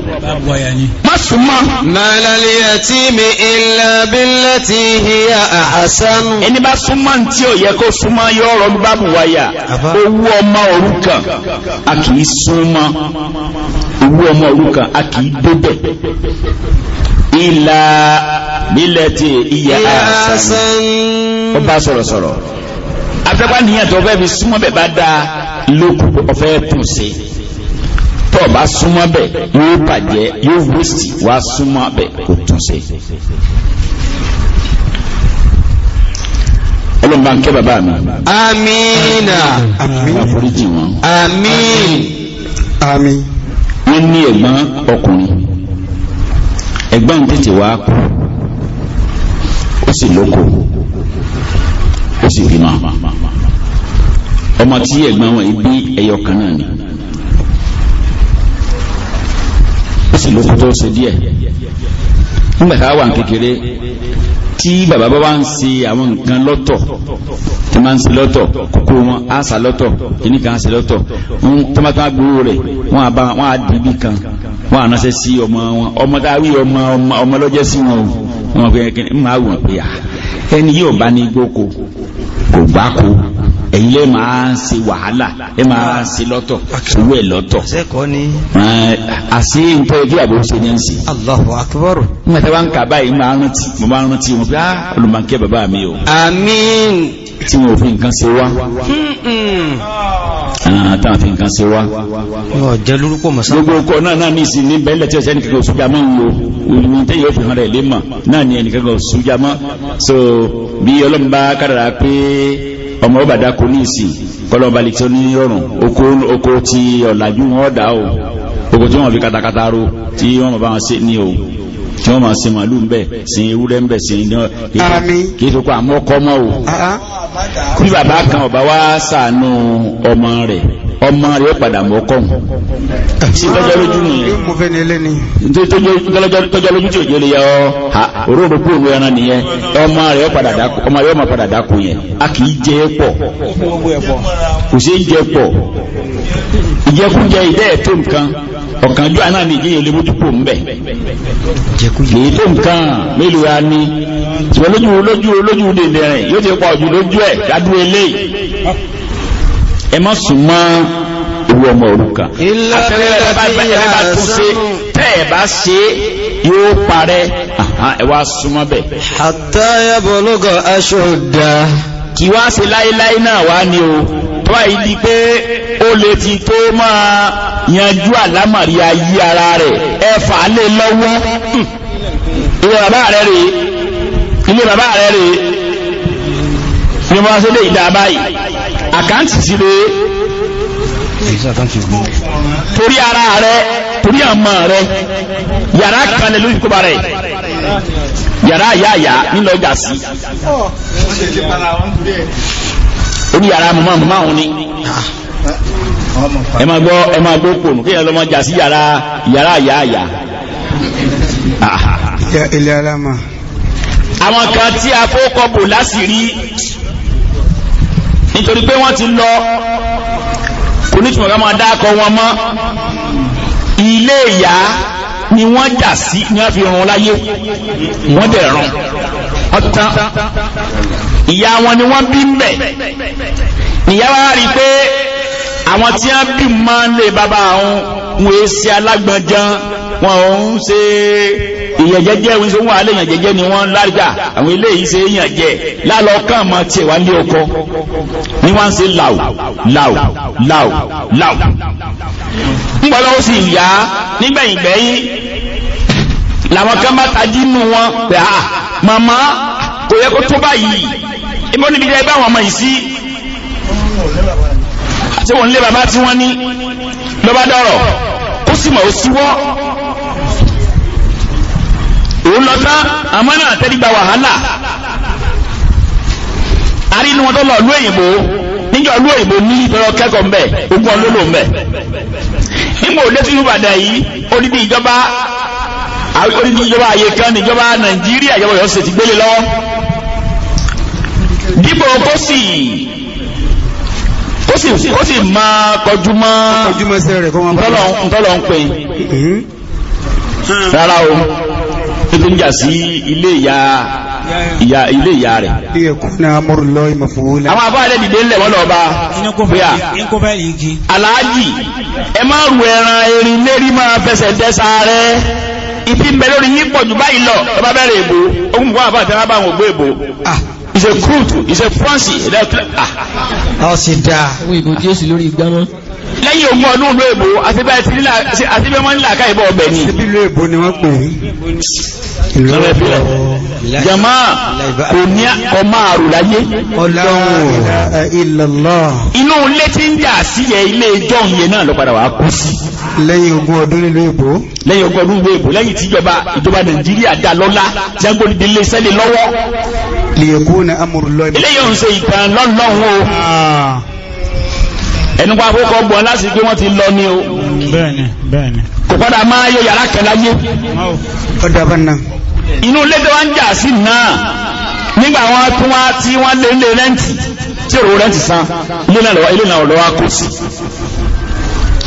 má súnmọ́ màlàlìyà tí mi ìlà bílẹ̀ tí hìyà àhásánù ẹni bá súnmọ́ tí ó yẹ kó súnmọ́ yóò rọ bá bù wáyà owó ọmọ òrukàn a kì í súnmọ́ owó ọmọ òrukàn a kì í débẹ̀ ìlà bílẹ̀ tí hìyà àhásánù ó bá sọ̀rọ̀sọ̀rọ̀ afẹ́pá nìyàn tó fẹ́ fi súnmọ́ bẹ̀ bá dáa lókùn ọ̀fẹ́ tún sí i tọ́ bá súnmọ́ bẹ̀ yóò bàjẹ́ yóò wíṣì wá súnmọ́ bẹ̀ kò tún ṣe ọlọ́run bá ń kẹ́ bàbá mi amínà àforíjì wọn amín amín wọ́n ní ẹ̀gbọ́n ọkùnrin ẹ̀gbọ́n tètè wá kú ó sì lóko ó sì bímọ ọmọ tí ẹ̀gbọ́n wọn ibi ẹyọ kan náà ni sì lókun tó ṣe díẹ̀ nígbàtà wà kékeré tí bàbá bá wá ń ṣe àwọn nǹkan lọ́tọ̀ tí máa ń ṣe lọ́tọ̀ kókó wọn á sà lọ́tọ̀ kìíní kan á ṣe lọ́tọ̀ tọ́mátọ́ agbóró rẹ̀ wọ́n á dìbì kan wọ́n á ránṣẹ́ sí ọmọ wọn ọmọ dáwí ọmọ lọ́jẹ́ sí wọn wọn pé ẹni yóò bá ní gbóko kò gbáko ẹ̀yin lè máa ṣe wàhálà ẹ máa ṣe lọ́tọ̀ owó ẹ̀ lọ́tọ̀ àṣí nǹkan ẹgbẹ́ àbúrò ṣe ní ẹ̀ ń ṣe. Allahu Akbar. nígbà tí wọ́n ń kà báyìí máa rántí mo máa rántí wọn pé á ah, olùmọ̀kẹ́ bàbá mi o. àmín. tí wọn ò fi nǹkan ṣe wá. Ah, táwọn fi nǹkan ṣe wá. ọ̀jẹ̀ lórúkọ mọ̀sán. gbogbo ọkọ náà náà ní ìsìn ní bẹ́ẹ̀lẹ̀ tí ọ̀sẹ̀ nìkan sójà máa ń lo ìrìn tẹ́yẹ̀ ó fi hàn rẹ̀ lé mọ̀ náà ní ẹnìkan sójà máa so bí ọlọ́mùbá kádàrá pé ọmọ ọba dákò ní ìsìn kọlọmọba lè tí ó ní ọrùn oko ti ọ̀làjú wọn dà o oko tí wọn fi katakata ro tí wọn bá wọn ṣe ní o tí wọn máa sin màálù ńbẹ sin ewúrẹ́ ńbẹ sin iná kí tó kọ àmọ́ kọ́ mọ́ o kí bàbá kan ọba wá ṣàánú ọmọ rẹ̀ ọmọ rẹ̀ padà mọ́ kọ́hùn sí tọ́jọ́ lójú nìyẹn tọ́jọ́ lójú tí òjò lè yẹ ọ òróòrò kú òru ẹran nìyẹn ọmọ rẹ̀ ọmọ padà dákú yẹn a kì í jẹ pọ̀ kò sí jẹ pọ̀ ìjẹkújẹ ìdẹ́ ètò nǹkan ọ̀kanjú àná ni ìjẹyẹ lè mójú kò ń bẹ̀ ètò nǹkan mélòó ya ni ṣùgbọ́n lójú lójú lójú dèdè rẹ̀ yóò ti pa òjò lójú ẹ̀ dádúró eléyìí ẹ má sùn mọ́ ìwé ọmọ òrukàn àtẹ́rẹ́ bá tún ṣe tẹ́ ẹ̀ bá ṣe yóò parẹ́ ẹ wá súnmọ́ bẹ̀. hatta yablugha ashudda. kì wá ṣe láéláé náà wá ní o tó àyè di pé ó lè ti tó máa yanjú àlámàrí ayé ara rẹ̀ ẹ fà á lè lọ́wọ́ ilé hmm. bàbá rẹ̀ rèé ilé bàbá rẹ̀ rèé ni wọ́n ṣe lè dá báyìí àkáǹtì ti rẹ̀ torí ara rẹ̀ torí àmọ́ rẹ̀ yàrá kalẹ̀ lórí kóbá rẹ̀ yàrá yáyà nílọ ọjà sí ó ní yàrá mọ̀mọ́ mọ̀mọ́ òun ni ẹ máa gbọ́ ẹ máa gbọ́ pònù kí ẹ lọ mọ́ jà sí yàrá yàrá yáyà ilé aláma àwọn kan tí a fó kọbù lásìrí nítorí pé wọ́n ti lọ kò ní túnmọ̀ ká máa dákọ wọn mọ́ ilé ìyá ni wọ́n jà sí ní wọ́n fi ràn láyé wọ́n dẹ̀ ràn ọ̀tán ìyá wọn ni wọ́n bí mbẹ̀ ìyá wa rí pé àwọn tí wọ́n bí máa ń lè bàbá àwọn wọ́n ṣe alágbọ̀njàn wọn ń ṣe èèyàn jẹ́jẹ́ wíṣọ wọn alẹ́ èèyàn jẹ́jẹ́ ni wọ́n lárgà àwọn eléyìí ṣe èèyàn jẹ lálọ́ kàn mọ́ tiẹ̀ wá lé ọkọ ni wọ́n ń ṣe làw làw làw làw. ńgbọ́n lọ́wọ́ sì yá nígbẹ̀yìn gbẹ̀yìn làwọn kan bá tají nù wọn pé a màmá kò yẹ kó tó báyìí ibo níbi jẹ́ bá àwọn ọmọ yìí sí àti wọn lé bàbá tí wọ́n ní lọ́ba dọ̀rọ̀ ó sì mọ̀ ó síwọ́ òun lọ tán àmọ́ náà tẹ́lígba wàhálà arínú wọn tó lọ lú èyìnbó níjọ lú èyìnbó ní ìbẹ̀rẹ̀ kẹ́kọ̀ọ́ mbẹ̀ ogun ọlọ́lọ́ mbẹ̀ nígbà òde tí Ìbàdàn yìí odidi ìjọba odidi ìjọba àyè kan níjọba Nàìjíríà ìjọba Ọ̀yọ́ ṣe ti gbélé lọ́wọ́ dípò kó sì ó sì ó kọjú mọ́ ntọ́lọ̀ ń pè rárá o tó ń jà sí ilé ìyá ilé ìyá rẹ̀. àwọn àbáyé dìde ńlẹ̀ wọ́n lọ́ọ́ bá bóyá aláàjì ẹ má rù ẹran erin lérí máa fẹsẹ̀ tẹ́sà rẹ̀ ìfi ń bẹ lórí yín pọ̀ báyìí lọ ẹ bẹ̀rẹ̀ èbò ogun kò wà bá àtẹ́rà àwọn ògbó èbò ìṣe kúrútù ìṣe fúrọ́ǹsì ẹ̀dá ọ̀sìn dáa. àwọn ìbò tí lórí ìgbà náà lẹ́yìn ogún ọdún ìlú èbò àti bẹ́ẹ̀ wọ́n ń làkà ìbọ̀ ọbẹ̀ ni. síbí ìlú èbò ni wọ́n pè é. jama kò ní ọmọ àrùn láyé. ọlọ́run ìlọ́lọ́. inú ilé tí ń yà sí yẹ ilé ìjọ yẹn náà ló padà wà kú sí. lẹ́yìn ogún ọdún ìlú èbò. lẹ́yìn ogún ọdún ìlú èbò lẹ́yìn tí ìjọba nàìjíríà dá lọ́lá tí wọ́n gbóni délé sẹ́lẹ̀ lọ́wọ́. lè kú ní amúrúlọ́ ẹnu pa àkókò ọgbọ̀n láti pé wọ́n ti lọ ní o bẹ́ẹ̀ni bẹ́ẹ̀ni kò padà máa yọ yàrá kẹláyé inú ilé tó wá ń jà sí náà nígbà wọn tún wá tí wọ́n lè lè rẹ́ǹtì tí òru rẹ́ǹtì san ilé náà lọ́wọ́ kò sí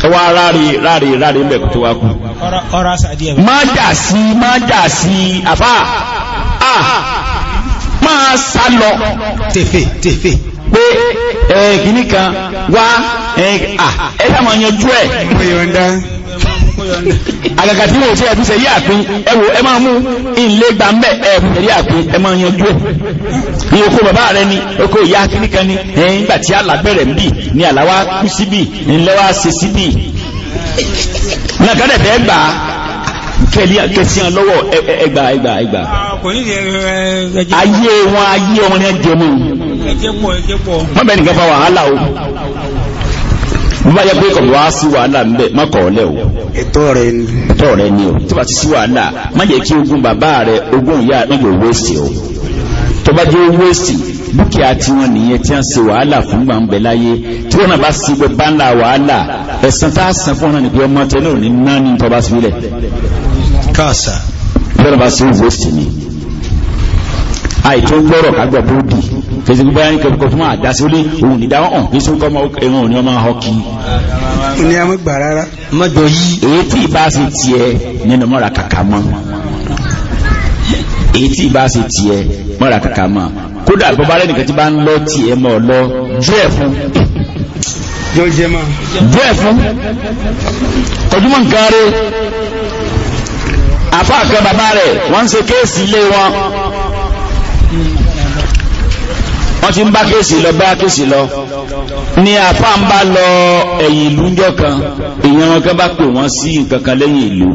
ẹwà rárí rárí rárí ń bẹ̀ tó wá kú má jà sí má jà sí àfáà máa sá lọ tèfè tèfè pé ẹ̀ẹ̀kìní kan wá ẹ̀ẹ́dàmọ̀ yanjú ẹ̀ àgàgà tí wọ́n ṣe ẹ̀fí ṣe yí àpín ẹwò ẹ máa mú ilé gbà ń bẹ̀ ẹ̀fí ṣe yí àpín ẹ máa yanjú ẹ̀ ní oko bàbá rẹ ni oko ìyá kìíní kan ni ẹ̀yìn ìgbà tí alábẹ̀rẹ̀ ń bì ní àláwá kú síbì ńlẹ́wà ṣe síbì nàkàdẹ̀ fẹ́ gbà á kẹlí kẹsíàn lọ́wọ́ ẹgbà ẹgbà ẹgbà ayé wọn ayé wọn ni ẹ jẹun wọ́n nìkan fa wàhálà o bí bá yẹ pé kọ̀ wá sí wàhálà ń bẹ̀ má kọ̀ o. ẹ̀tọ́ rẹ ni. o tó bá ti sí wàhálà má jẹ́ rẹ ogun ìyá o tó bá jẹ́ dúkìá tí wọ́n nìyẹn tí wọ́n ṣe wàhálà fún gbàǹbẹ̀ láyé tí wọ́n náà bá sí wàhálà ẹ̀sán tá a fún ọ̀nà tẹ ní fèsì gbogbo ayé kẹ́kọ̀ọ́ tó máa dá sí olé òun ní dáwọ́ hàn fèsì kọ́ ẹran òní ọmọ họkì. ní àwọn ìgbà rárá. mọ́jọ yí èyí tí ìbá ṣe tiẹ̀ nínú mọ́ra kàkà mọ́ èyí tí ìbá ṣe tiẹ̀ mọ́ra kàkà mọ́ kódà bọ́bá nìkan tí bá ń lọ tiẹ̀ mọ́ ọ lọ jẹ́ fún jẹ́ fún ọdúnmọ̀ nǹkan rẹ̀ àfáàkẹ́ bàbá rẹ̀ wọ́n ń ṣe kéèsì ilé wọn wọ́n ti ń bá kéèsì lọ bá kéèsì lọ ní àfá ń bá lọ ẹ̀yìn ìlú ńjọ́ kan èèyàn wọn kan bá pè wọ́n sí nǹkan kan lẹ́yìn ìlú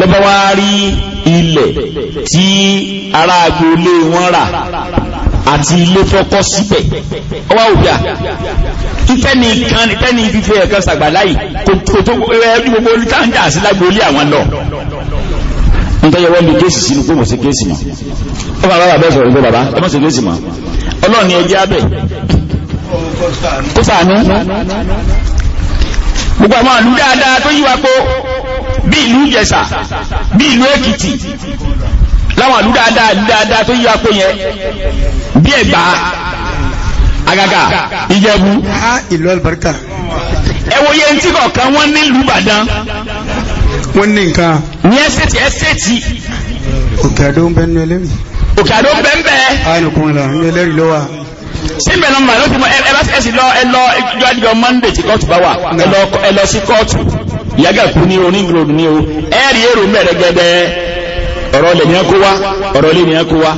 lọ́bọ̀ wá rí ilẹ̀ tí ará agboolé wọn rà àti ilé fọ́kọ́ síbẹ̀ ọwá òbíà ìfẹ́ ní kan ìfẹ́ ní fífẹ́ ẹ̀kọ́ sàgbàláì kò tó ẹjú gbogbo olùtàǹdà sí lágboolé àwọn lọ nítorí wọ́n bí kéèsì sínú pé mo ṣe kéèsì mọ́ ó bàbá bàbá ẹ̀ sọ̀rọ̀ pé ọlọ́run ni ẹjẹ́ abẹ kó sànú gbogbo àwọn àlú dáadáa tó yíwa pé bí ìlú Ìjẹ̀ṣà bí ìlú Èkìtì láwọn àlú dáadáa àlú dáadáa tó yíwa pé yẹn bí Ẹ̀gbá àgàgà Ìjẹ̀bú ìlú albarka ẹwòye ntí kọ̀ọ̀kan wọ́n ní ìlú Ìbàdàn wọ́n ní nǹkan ní ẹsẹ̀tì ẹsẹ̀tì òkè àdó ń bẹ́nu ẹlẹ́rìí òkè àdó bẹ́ẹ̀bẹ́ ayẹnukun lọ ní ẹlẹ́rìí lọ́wà síbẹ̀ nọmbà ló ti mọ ẹbẹ́sì lọ ẹlọ ìjọ àdìjọ mọ́ndé tí kọ́ọ̀tù bá wà ẹlọ sí kọ́ọ̀tù ìyágàkú ní onígbòròdù ní o ẹ̀rí èrò mẹ́rẹ̀ gẹ́gẹ́ ọ̀rọ̀ lè ní ẹkú wá ọ̀rọ̀ lè ní ẹkú wá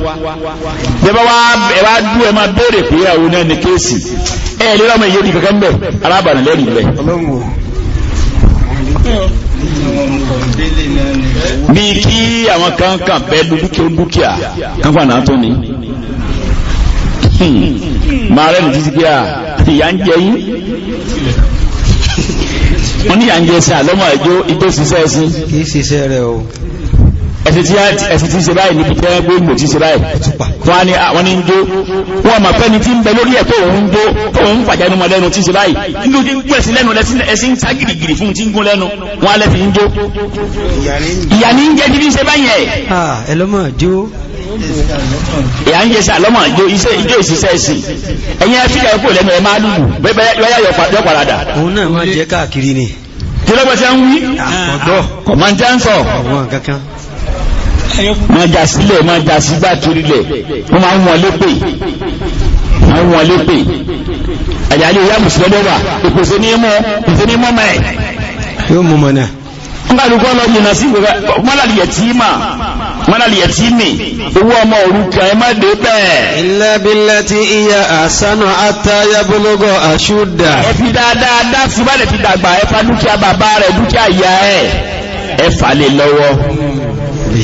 jẹba wá ẹwà dú ẹ máa béèrè pé àwọn náà ní kéèsì ẹ lè rọmọ ìyé di kankan bẹ alábàánilẹ́rìí bí kí àwọn kan kàn bẹ́ dúkìá dúkìá kan fà náà tó ni máa hmm. rẹ̀ nìtí síkí à ìyá ń jẹ yín wọ́n ní ìyá ń jẹ sí àlọ́mọ̀ ẹjọ́ ìjọ́ síṣẹ́ sí kìí síṣẹ́ rẹ̀ o ẹ̀sìn tí ṣe báyìí níbi tẹ́ gbé ìgbò tí ṣe báyìí ah, wọ́n ní ń jó wọ́n ma fẹ́ni tí ń bẹ lórí ẹ̀ tó òun jó tó òun pàjá inú mọ̀lẹ́nu tí ṣe báyìí nínú tí ń gbé ẹ̀sìn lẹ́nu ẹ̀sìn ń ságìrìgìrì fún tí ń gún lẹ́nu wọ́n alẹ́ fi ń jó ìyà ní ń jẹ́ tí ṣe ẹ̀sìn ẹ̀yìn parada. òun náà máa jẹ káàkiri ni. kí ló gbọ́ sí máa jà sílẹ̀ máa jà sígbà torílẹ̀ wọ́n máa ń wọn lépè máa ń wọn lépè àjálù ìyá mùsùlùmí wà ìpèsè ní mọ́ ìpèsè ní mọ́ mọ́ ẹ̀. yóò mú mọ́ náà. ń bá lùkọ́ lọ múná sí ìgbéga mọ́làlì yẹ̀ mà mọ́làlì yẹ̀ tí owó ọmọ òrukàn ẹ má dé bẹ́ẹ̀. illa billati iya àsánù àtàyàbólógó àṣúdà. ẹ fi dáadáa dá sí bá lè fi dàgbà ẹ fa dúkìá bàbá rẹ dúkìá ìyá ẹ ẹ fà lè lọ́wọ́ bí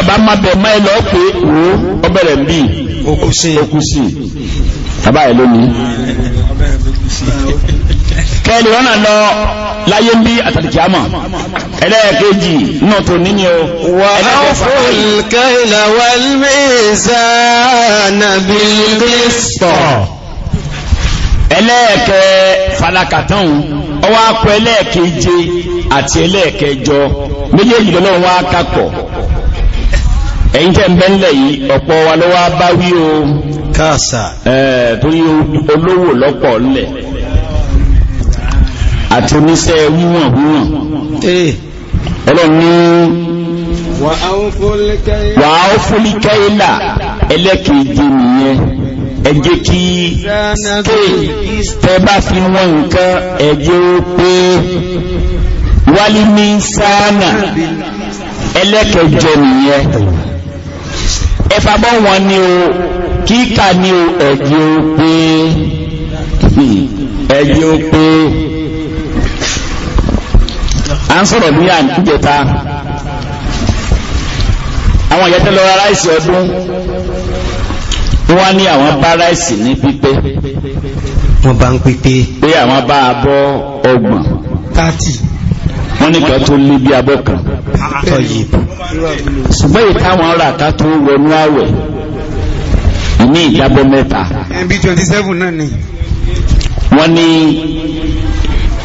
ọba má bẹ̀ má ẹ lọ pé wo ọbẹ̀rẹ̀ ń bí okùsì bàbá ẹ̀ lónìí kẹ́lì rọ́nà lọ láyé ń bí àtàlìkì àmà ẹlẹ́ẹ̀kejì náà tó níní o ẹlẹ́ẹ̀kẹ́ falakatán ọwọ́ akọ ẹlẹ́ẹ̀keje àti ẹlẹ́ẹ̀kẹjọ méjèèjì lọ́nà wọn á kakọ̀ tẹ́ ń bẹ́ ńlẹ̀ yìí ọ̀pọ̀ wa ló wá bá wí o káàsà ẹ̀ẹ́ torí olówó lọ́pọ̀ ńlẹ̀ àti oníṣẹ́ wíwọ̀n wíwọ̀n ọlọ́ni wàá ó fúlikẹ́ ìlà ẹlẹ́ẹ̀keje nìyẹn ẹ jẹ́ kí tẹ́ bá fi wọ́n nǹkan ẹ jẹ́ ó pé wálí ní sáánà ẹlẹ́kẹjọ nìyẹn ẹfàbọ́ wọn ni o kíkà ni o ẹ jẹ́ ó pé ẹ ó pé a ń sọ̀rọ̀ ní àjẹta àwọn ìyẹ́tẹ́lọ́ra láìsí ọdún wọ́n ní àwọn bá ráìsì ní pípé wọ́n bá ń pípé pé àwọn bá abọ́ ọgbọ̀n 30 wọ́n ní kan tó lé bí abọ́ kan ṣùgbọ́n ìtàwọn ọ̀rà ká tó wọnú àwẹ̀ ní ìjábọ̀ mẹ́ta mb 27 náà ni wọ́n ní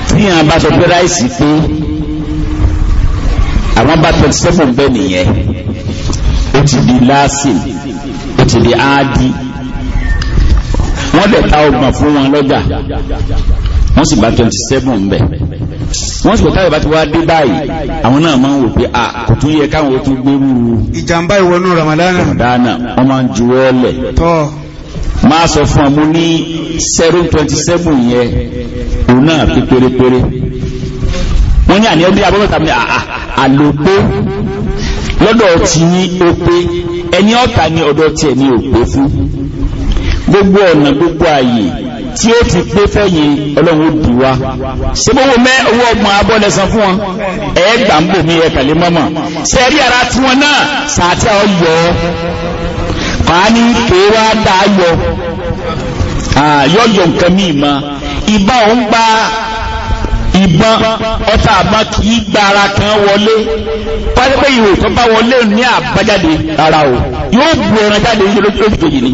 tí àwọn bá sọ pé ráìsì pé àwọn bá 27 bẹ́ẹ̀ nìyẹn ó ti di láásìlì ti di áádì wọ́n dẹ̀ ta ọgbọ̀n fún wọn lọ́jà wọ́n sì bá 27 ń bẹ̀ wọ́n sì pẹ̀tàlẹ̀ bá ti wá dé báyìí àwọn náà máa ń wò pé à ah, kò tún yẹ káwọn tó gbérú ìjàmbá ìwọ̀nú ramadana wọ́n máa ń juwọ́ lẹ̀ tọ́ máa sọ fún ọmọ ní 727 yẹn òun náà fi pérépéré wọ́n ní àníyàn bí abọ́bọ̀ta mi àlòpé lọ́dọ̀ tí ó pé ẹni ọ̀tá ní ọ̀dọ̀ tiẹ̀ ní òpó fún gbogbo ọ̀nà gbogbo ààyè tí ó ti pé fẹ́yìn ọlọ́run ó dì wá ṣe gbogbo mẹ́ owó ọgbọ̀n abọ́lẹ̀sán fún wọn ẹ̀ẹ́gbà ń bò mí ẹ̀kà lè mọ́mọ́ ṣe rí ara tí wọn náà sàátì ọyọ kàá ní kéé wá dá yọ yọyọ nǹkan míì mọ ìbá òun gba ìbọn ọta àbá kì í gbára kan wọlé pàdépé ìwò tó bá wọlé ní àbájáde ara o yóò bu ẹran jáde yìí lójú lójú yìí ni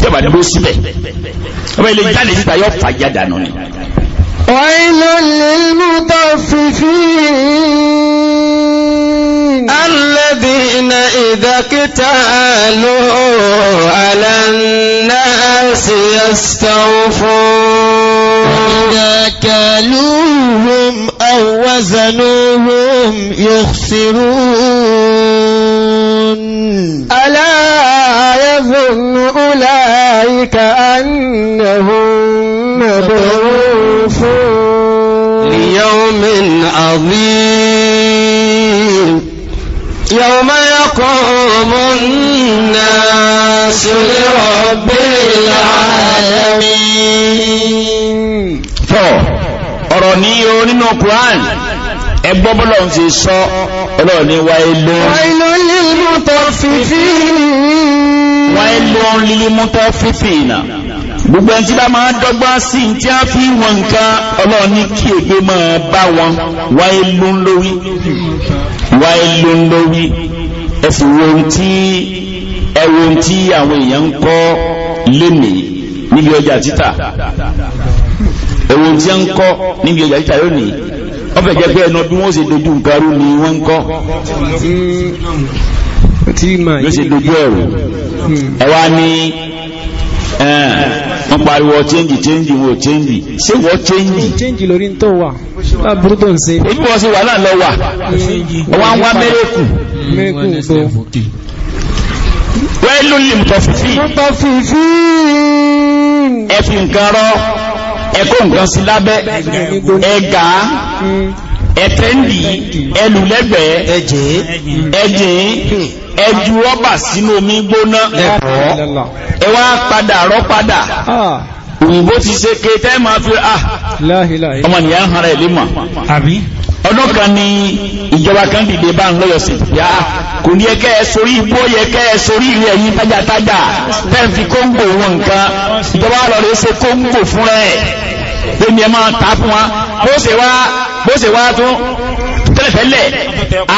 tí ìbàdàn ló síbẹ̀ ọmọ ilé jáde síta yóò fà já dànù ni. ọ̀ìlò lèlú tó fi fi. الذين إذا اكتالوا على الناس يستوفون إذا كالوهم أو وزنوهم يخسرون ألا يظن أولئك أنهم مبعوثون ليوم عظيم يوم يقوم الناس لرب العالمين ọ̀rọ̀ ní o nínú Quran ẹgbọ́ bọ́lọ̀ ń fi sọ ọlọ́rọ̀ ní wáìlú wáìlú lílímútọ́ fífìnà gbogbo ẹni tí bá máa dọ́gba sí tí a fi wọn nǹkan ọlọ́rọ̀ ní kí ègbé máa bá wọn wáìlú lórí wáìlú lórí ẹ̀sìn wo tí ẹ̀wọ̀n tí àwọn èèyàn ń kọ́ lénìí níbi ọjà títà ẹ̀wọ̀ tí a ń kọ́ níbi ọjà títà lónìí wọ́n fẹ́ jẹ́ pé ẹnu bí wọ́n ṣe dojú nǹkan rú ni wọ́n ń kọ́ ló ṣe dojú ẹ̀rù hmm. ẹ wá ní wọ́n pariwo chẹ́ǹjì chẹ́ǹjì wọ́n chẹ́ǹjì ṣé wọ́n chẹ́ǹjì chẹ́ǹjì lórí ń tó wà láàbúrú tó ń ṣe èyí wọ́n ṣe wà náà lọ wà wọ́n á wá mẹ́rẹ́kù wẹ́ẹ́lú lè mọ̀tọ̀fífì mọ̀tọ̀fífì ẹ rọ́ ẹ̀kọ́ nǹkan sí lábẹ́ ẹ̀gá ẹ̀tẹ́ndì ẹlùlẹ́gbẹ̀ ẹ̀jẹ̀ ẹjù rọ́bà sínú omi gbóná ẹ̀pọ̀ ẹwà padà rọ́padà òyìnbó ti ṣe kéèké máa fi ọmọ nìyà ń hara ẹ̀lẹ́mọ̀ ọdún kan ní ìjọba kan dìde bá ń lọ́yọ̀ sí yá kò ní ẹkẹ́ sórí ibú ó yẹ kẹ́ sórí ilé ẹ̀yìn tájàtájà tẹ́ǹfì kóńgò wọn nǹkan ìjọba lọ rẹ̀ ṣe kóńgò fún rẹ̀ lóní ẹ máa ta fún wa bó ṣe wá bó tẹ́lẹ̀tẹ́lẹ̀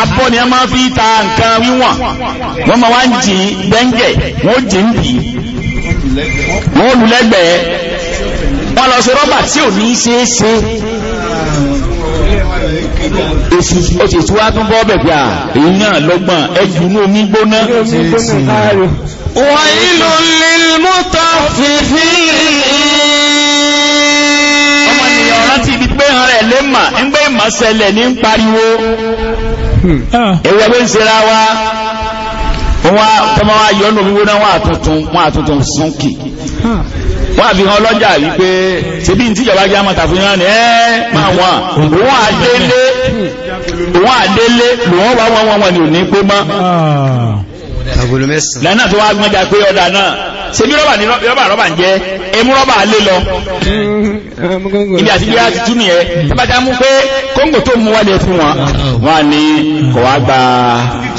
abọ́ ni a máa fi ta nǹkan wíwọ̀n wọ́n máa wá ń jì bẹ́ńgẹ̀ wọ́n jì ń bì wọ́n lulẹ́gbẹ̀ẹ́ wọ́n lọ èsì èsì tí wá tún bọ́ bẹ̀gbà èyí náà lọ́gbọ̀n ẹgbùnú omi gbóná wàílò hmm. lílmọ́ta wọ́n tọ́mọ́ wa yọ́nù omi gbóná wọn àtúntún wọn àtúntún súnkì hmm wọ́n àfi hàn lọ́jà wípé ṣebí tí ìjọba jẹ́ àmọ́ta fún yán ni ẹ́ máa wọ́n òun àdélé òun àdélé lòun wá wọ́n wọ́n wọ́n ni ò ní pé mọ́ lẹ́nà tó wá gbọ́njà pé ọ̀dà náà ṣebí rọ́bà ní rọ́bà rọ́bà ń jẹ́ ẹmú rọ́bà lé lọ ibi àti bí a ti tún nìyẹn tábàjá mú pé kóńgò tó mú wálé fún wọn wọn ni kò wá gba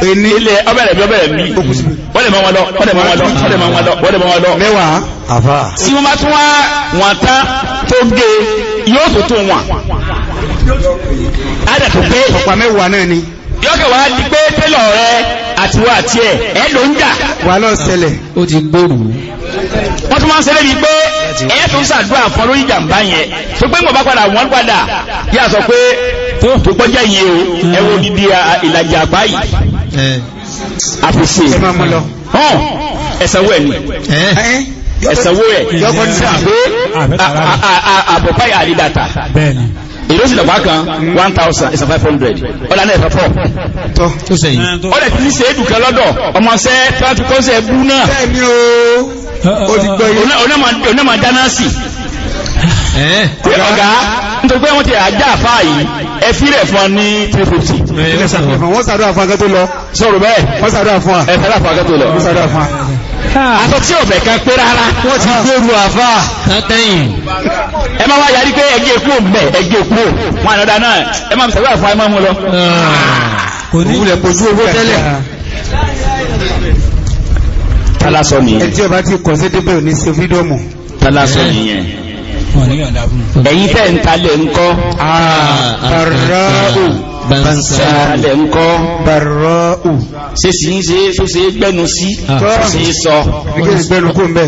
ẹni ilé ọbẹ̀rẹ̀ bí ọbẹ̀rẹ̀ bí wọ́n lè mọ́ wọn lọ wọ́n lè mọ́ wọn lọ wọ́n lè mọ́ wọn lọ wọ́n lè mọ́ wọn lọ mẹ́wàá àfà tí wọ́n bá tún wá wọn tán tó gé yóò tó tó wọn á dẹ̀ tó pé ọ̀pá mẹ́wàá náà ni yọ́kẹ̀ wá di pé tẹ́lọ̀ rẹ àti wá àti ẹ̀ ẹ̀ ló ń jà wà lọ ṣẹlẹ̀ ó ti gbòòrò wọ́n tún máa ń ṣẹlẹ̀ bíi pé ẹ̀ tó ń ṣàdúrà fún lórí ìjàmbá yẹn tó pé mọ̀ bá padà wọ́n padà yà sọ pé tó kọjá yìí o ẹ wo dídí ìlàjà àpá àfìsè hàn ẹ̀sánwó ẹ̀ ni ẹ̀sánwó ẹ̀ pé àbọ̀pá yà rí data èrò sì lọ́pàá kan 1500 ọ̀là náà ẹ̀fẹ́fọ́ tó sẹ́yìn ọ̀lẹ̀ tí ní ṣe é dùkẹ́ lọ́dọ̀ ọmọọṣẹ́ tí wọ́n ṣe é bú náà onímọ̀ dáná sí pé eh? ọ̀gá nítorí pé wọ́n ti àjá àfáà yìí ẹ fílẹ̀ fún ọ ní 350 eh, wọ́n sàdọ́ àfáà kẹ́ tó lọ sọ̀rọ̀ bẹ́ẹ̀ wọ́n sàdọ́ àfáà ẹ fẹ́lẹ̀ àfáà kẹ́ tó lọ aṣọ tí ọ̀bẹ̀ kan pé rárá wọ́n ti gbóòrù àfáà tẹ́yìn ẹ máa wá yarí pé ẹgbẹ́ èkó mẹ́ ẹgbẹ́ èkó wọn àdọ́dá náà ẹ máa sàdọ́ àfáà ẹ máa mú lọ ah, kò ní ilẹ̀ kojú owó tẹ́lẹ̀ tálásọ nìyẹn ẹ tí ọba ti kọ̀ sí débẹ̀ òní sí fídọ́mù tálásọ nìyẹn ẹ̀yí ah, ah, ah, tẹ́ ń talẹ̀ ń kọ́ barra'u bansalẹ̀ ń kọ́ barra'u ṣe sí ń ṣe tó ṣe gbẹ́nu sí tó ṣe sọ gbẹ́nukú ń bẹ̀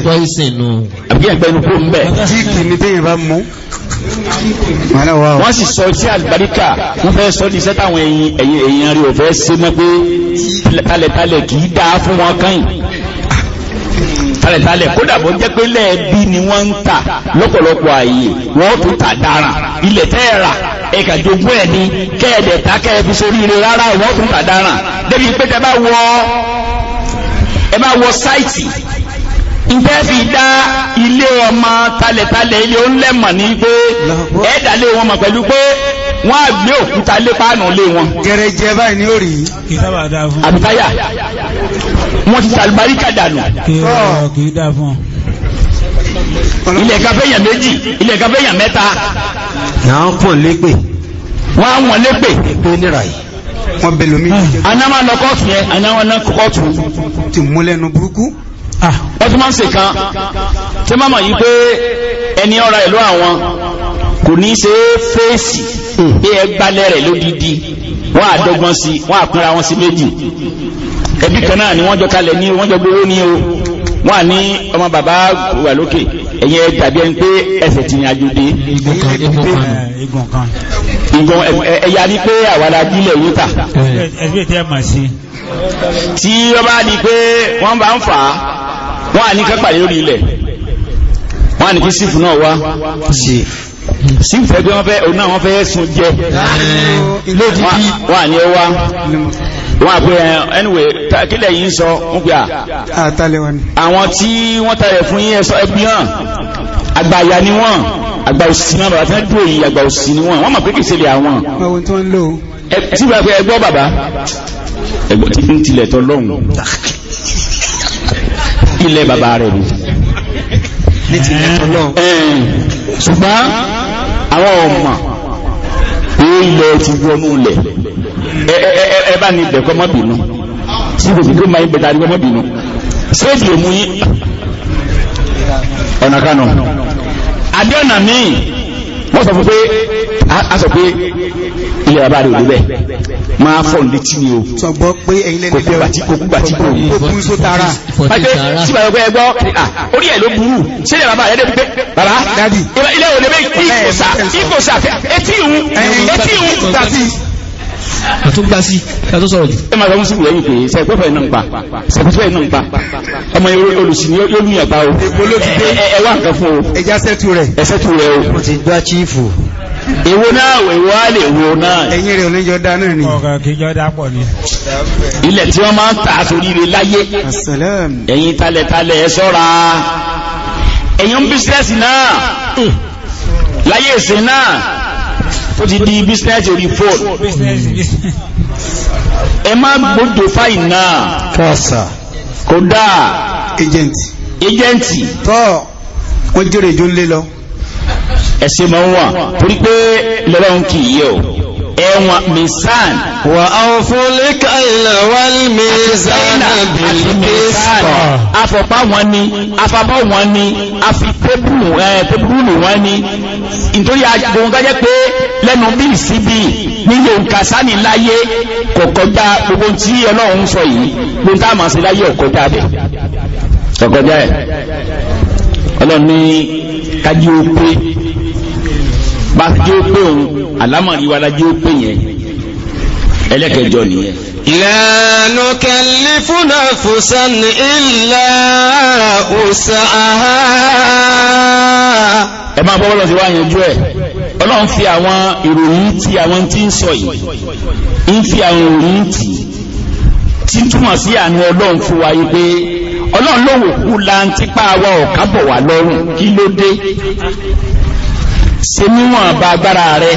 àbí ẹ̀gbẹ́nukú ń bẹ̀ tí kì ní tí ìbá mú wọ́n sì sọ tí àlùbáríkà wọ́n fẹ́ sọ ní sẹ́tàwọn ẹ̀yìn ẹ̀yìn rí ò fẹ́ ṣe mọ́ pé tálẹ̀tálẹ̀ kì dáa fún wọn kan sálẹ̀sálẹ̀ kódà bó jẹ́ pé lẹ́ẹ̀bí ni wọ́n ń tà lọ́pọ̀lọpọ̀ ààyè wọ́n tún tà dára ilẹ̀ tẹ́ rà ẹ̀ka jogún ẹ̀ ni kẹ́ẹ̀dẹ̀ ta kẹ́ẹ̀ fi sórí ire rárá wọ́n tún tà dára débi pé tẹ bá wọ ẹ bá wọ sáìtì ǹjẹ́ fi dá ilé ọmọ talẹ̀talẹ̀ ilé onílẹ̀mọ̀ ní pé ẹ̀ẹ́dàlé wọn mọ̀ pẹ̀lú pé wọ́n á gbé òkúta lé páànù lé wọn. gẹ̀rẹ́jẹ báyìí ni ó rí. àbítáyà wọ́n ti sàlùbáríkà dànù ilẹ̀ kafẹ́yàn méjì ilẹ̀ kafẹ́yàn mẹ́ta náà pọ̀n lépè wọ́n á wọ̀n lépè pé nira yìí wọ́n bẹ lómi anáwọ̀ ah. lọ kọ́ọ̀tù yẹn anáwọ̀ lọ kọ́ọ̀tù ti mú lẹ́nu burúkú ah. wọ́n tún máa ń ṣe kan tí máa mọ̀ yí pé ẹni ọ̀ra ìlú àwọn kò ní ṣe fèsì hmm. pé ẹgbàlẹ̀ rẹ̀ lódìdí wọ́n àdọ́gbọ́n sí wọ́n àpínra wọn sí méjì ẹbí kan náà ni wọ́n jọ kalẹ̀ ní wọ́n jọ gbowó ní o wọ́n à ní ọmọ bàbá wà lókè ẹ̀yẹ dàbí ẹni pé ẹsẹ̀ ti ní ajúdé ìgbọ̀n ẹ̀yà ní pé àwàdà gílẹ̀ yóò tà tí ó bá di pé wọ́n bá ń fà á wọ́n à ní kápá lórí ilẹ̀ wọ́n à ní kí sífù náà wá sí ìfẹ́ bí fẹ́ òun náà wọ́n fẹ́ sùn jẹ wọ́n à ní ẹwà wọ́n àpẹ anyway kílẹ̀ yìí ń sọ ń pè à àwọn tí wọ́n tààrẹ̀ fún yín ẹ̀sọ́ ẹbí hàn àgbà àyà ni wọ́n àgbà òsì náà bàbá tí wọ́n dúró yìí àgbà òsì ni wọ́n wọ́n mọ̀ pé kìí ṣe lè àwọn tí wọ́n fẹ́ ẹgbọ́ bàbá ẹgbọ́ tí ń tilẹ̀ tọ́ lọ́hùn ilẹ̀ bàbá rẹ̀ ni ṣùgbọ́n àwọn ọmọ ilẹ̀ ti wọnú ilẹ̀ ẹ bá ní ìbẹ̀kọ́ mọ́ bínú sí kò sí kí ó máa ń bẹ̀ta ní mọ́ bínú séèdì òmú yín ọ̀nà kanù àbí ọ̀nà míì wọ́n sọ fún pé a sọ pé ilẹ̀ bàbá rẹ̀ olú bẹ̀ máa fọ́ ní tí ni o sọgbọ́ pé ẹ̀yìnlẹ́ nílẹ̀ bàtí kókú bàtí kò yìí ó kú só tara pàtẹ́ tí bàbá ẹgbẹ́ ẹgbọ́ orí ẹ̀ ló burú ṣé ilẹ̀ bàbá rẹ̀ dẹ̀ pé bàbá ilẹ̀ ò lè bẹ́ ìkòsà ìhun etí ìhun àtúgbà sí kàtó sọ̀rọ̀ jù. ẹ máa sọ mùsùlùmí ẹ̀yìn pé sẹ̀kúfẹ̀ náà ń pa sẹ̀kúfẹ̀ náà ń pa ọmọ yẹn olùsìn yóò lùyàn pa o ẹ wá nǹkan fún o. ẹja sẹ́tù rẹ̀ ẹsẹ́tù rẹ̀ o. o ti gbá chiefu. èwo náà èwo á lè wo náà. ẹ̀yin rẹ̀ oníjọ dá náà ni. ọkàn kì í jọ dá pọ̀ ni. ilẹ̀ tí wọ́n máa ń ta sórí rẹ̀ láyé. ẹ̀yin talẹ̀talẹ̀ ẹ ṣọ́ra. ẹ̀yin bísíǹsì náà hmm. láyé ìsìn náà tó ti di bísínẹ́sì orí fóònù ẹ má gbódò fáì náà fọ́ọ̀sà kódà ẹjẹ́ǹtì ẹjẹ́ǹtì tọ́ wọ́n jẹ́rẹ̀ ìjó ńlẹ́ lọ ẹ̀sìn máa ń wà torí pé lọ́lọ́run kì í yẹ o ẹ̀wọ̀n misan wà áwọ̀fúnlẹ́kà ìlàwàlmìsànà bìlìmìsàn afọ̀pá wọn ni afọ̀pá wọn ni afi tẹ́bùlù wọn ni nítorí agbóhun tó jẹ́ pé lẹ́nu bí síbí nílé òǹkàsánì láyé kò kọjá gbogbo tí ọlọ́run sọ yìí ló ń táàmà sí láyé ọ̀kọjá bẹ̀ ọ̀kọjá ẹ̀ ọlọ́run ní kájí ó pé bá jí ó pé òun àlámọ̀rí wa lajẹ́ ó pè yẹn ẹlẹ́kẹjọ nìyẹn. La nukallifu nafsan illa wus'aha ẹ máa bọ́ bọ́lọ̀ sí wá yanjú ẹ̀ ọlọ́run fi àwọn ìròyìn tí àwọn tí ń sọ yìí ń fi àwọn ìròyìn tí tí túmọ̀ sí àánú ọlọ́run fún wa yìí pé ọlọ́run ló wò kú lantipa wa ọ̀ká bọ̀ wá lọ́rùn kí ló dé ṣe níwọ̀n bá agbára rẹ̀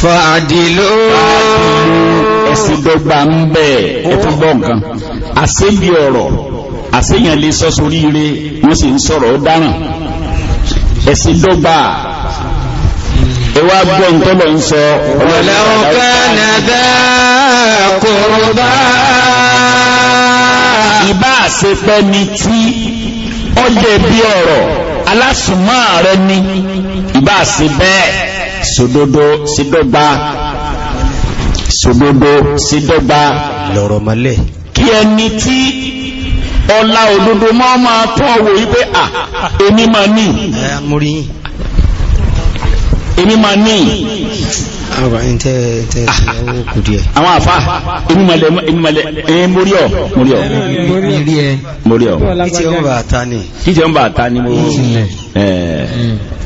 fàádìlò ẹ̀sìn dọ́gba ń bẹ̀ ẹ̀tún gbọ́ nǹkan àṣẹ́bí ọ̀rọ̀ àṣẹ́yàn lè sọ sórí ire wọ́n sì ń sọ̀rọ̀ ó dáràn ẹ̀sìn dọ́gba ẹwà gbọ́ nǹkan lọ ń sọ walau kana dha qurba ìbá ni tí ọjẹ́ bí ọ̀rọ̀ alásùnmọ́ rẹ ni ìbá àṣepẹ́ sódódó sídọ́gba sódódó sídọ́gba lọ́rọ̀ mọ́lẹ̀ kí ẹni tí ọlá òdodo mọ́ máa tọ́ wò wípé à èmi máa ní èmi máa ní Ah, ah, àwọn àfá inúmọ̀lẹ̀ móríọ̀ móríọ̀ móríọ̀ kíjẹ́ ń bà ta ni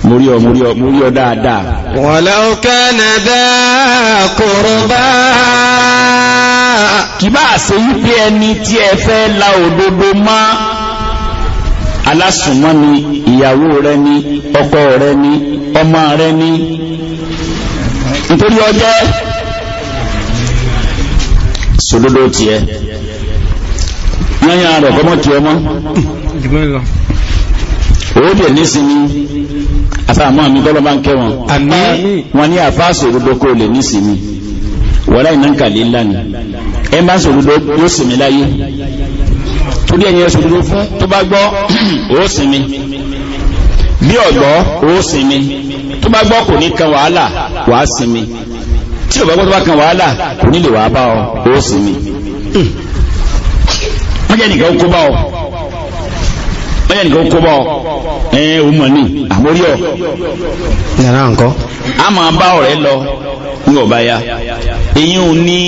móríọ̀ eh, dáadáa walau kana kì bá ṣe wípé ẹni tí ẹ fẹ́ la òdodo mọ́ alásùnmọ́ ni ìyàwó rẹ ni ọkọ rẹ ni ọmọ rẹ ni nítorí ọjẹ́ sódódó tiẹ̀ yányá rẹ̀ kọ́mọ́ tiẹ̀ mọ́ owó dẹ̀ nísìnyí àfàmọ́ àmì tọ́lọ́ bá ń kẹ́ wọn wọn ní àfá sódódó kó lè nísìnyí wọ́lá ìnáǹkà lè lánàá ẹ bá sódódó yóò sinmi láyé torí ẹni ẹ sódódó fún tó bá gbọ́ ó sinmi bí ọ̀gbọ́ ó sinmi tó bá gbọ́ kò ní kan wàhálà wàá sinmi tí ò bá gbọ́ tó bá kan wàhálà kò ní lè wàá bá ọ ó sinmi wọ́n hmm. jẹ́ nìkan kó bá ọ wọ́n jẹ́ nìkan kó bá ọ ẹ ò mọ̀ ní àmórí ọ. yàrá nǹkan. a máa bá ọ̀rẹ́ lọ ní ọ̀bá ya èyí ò ní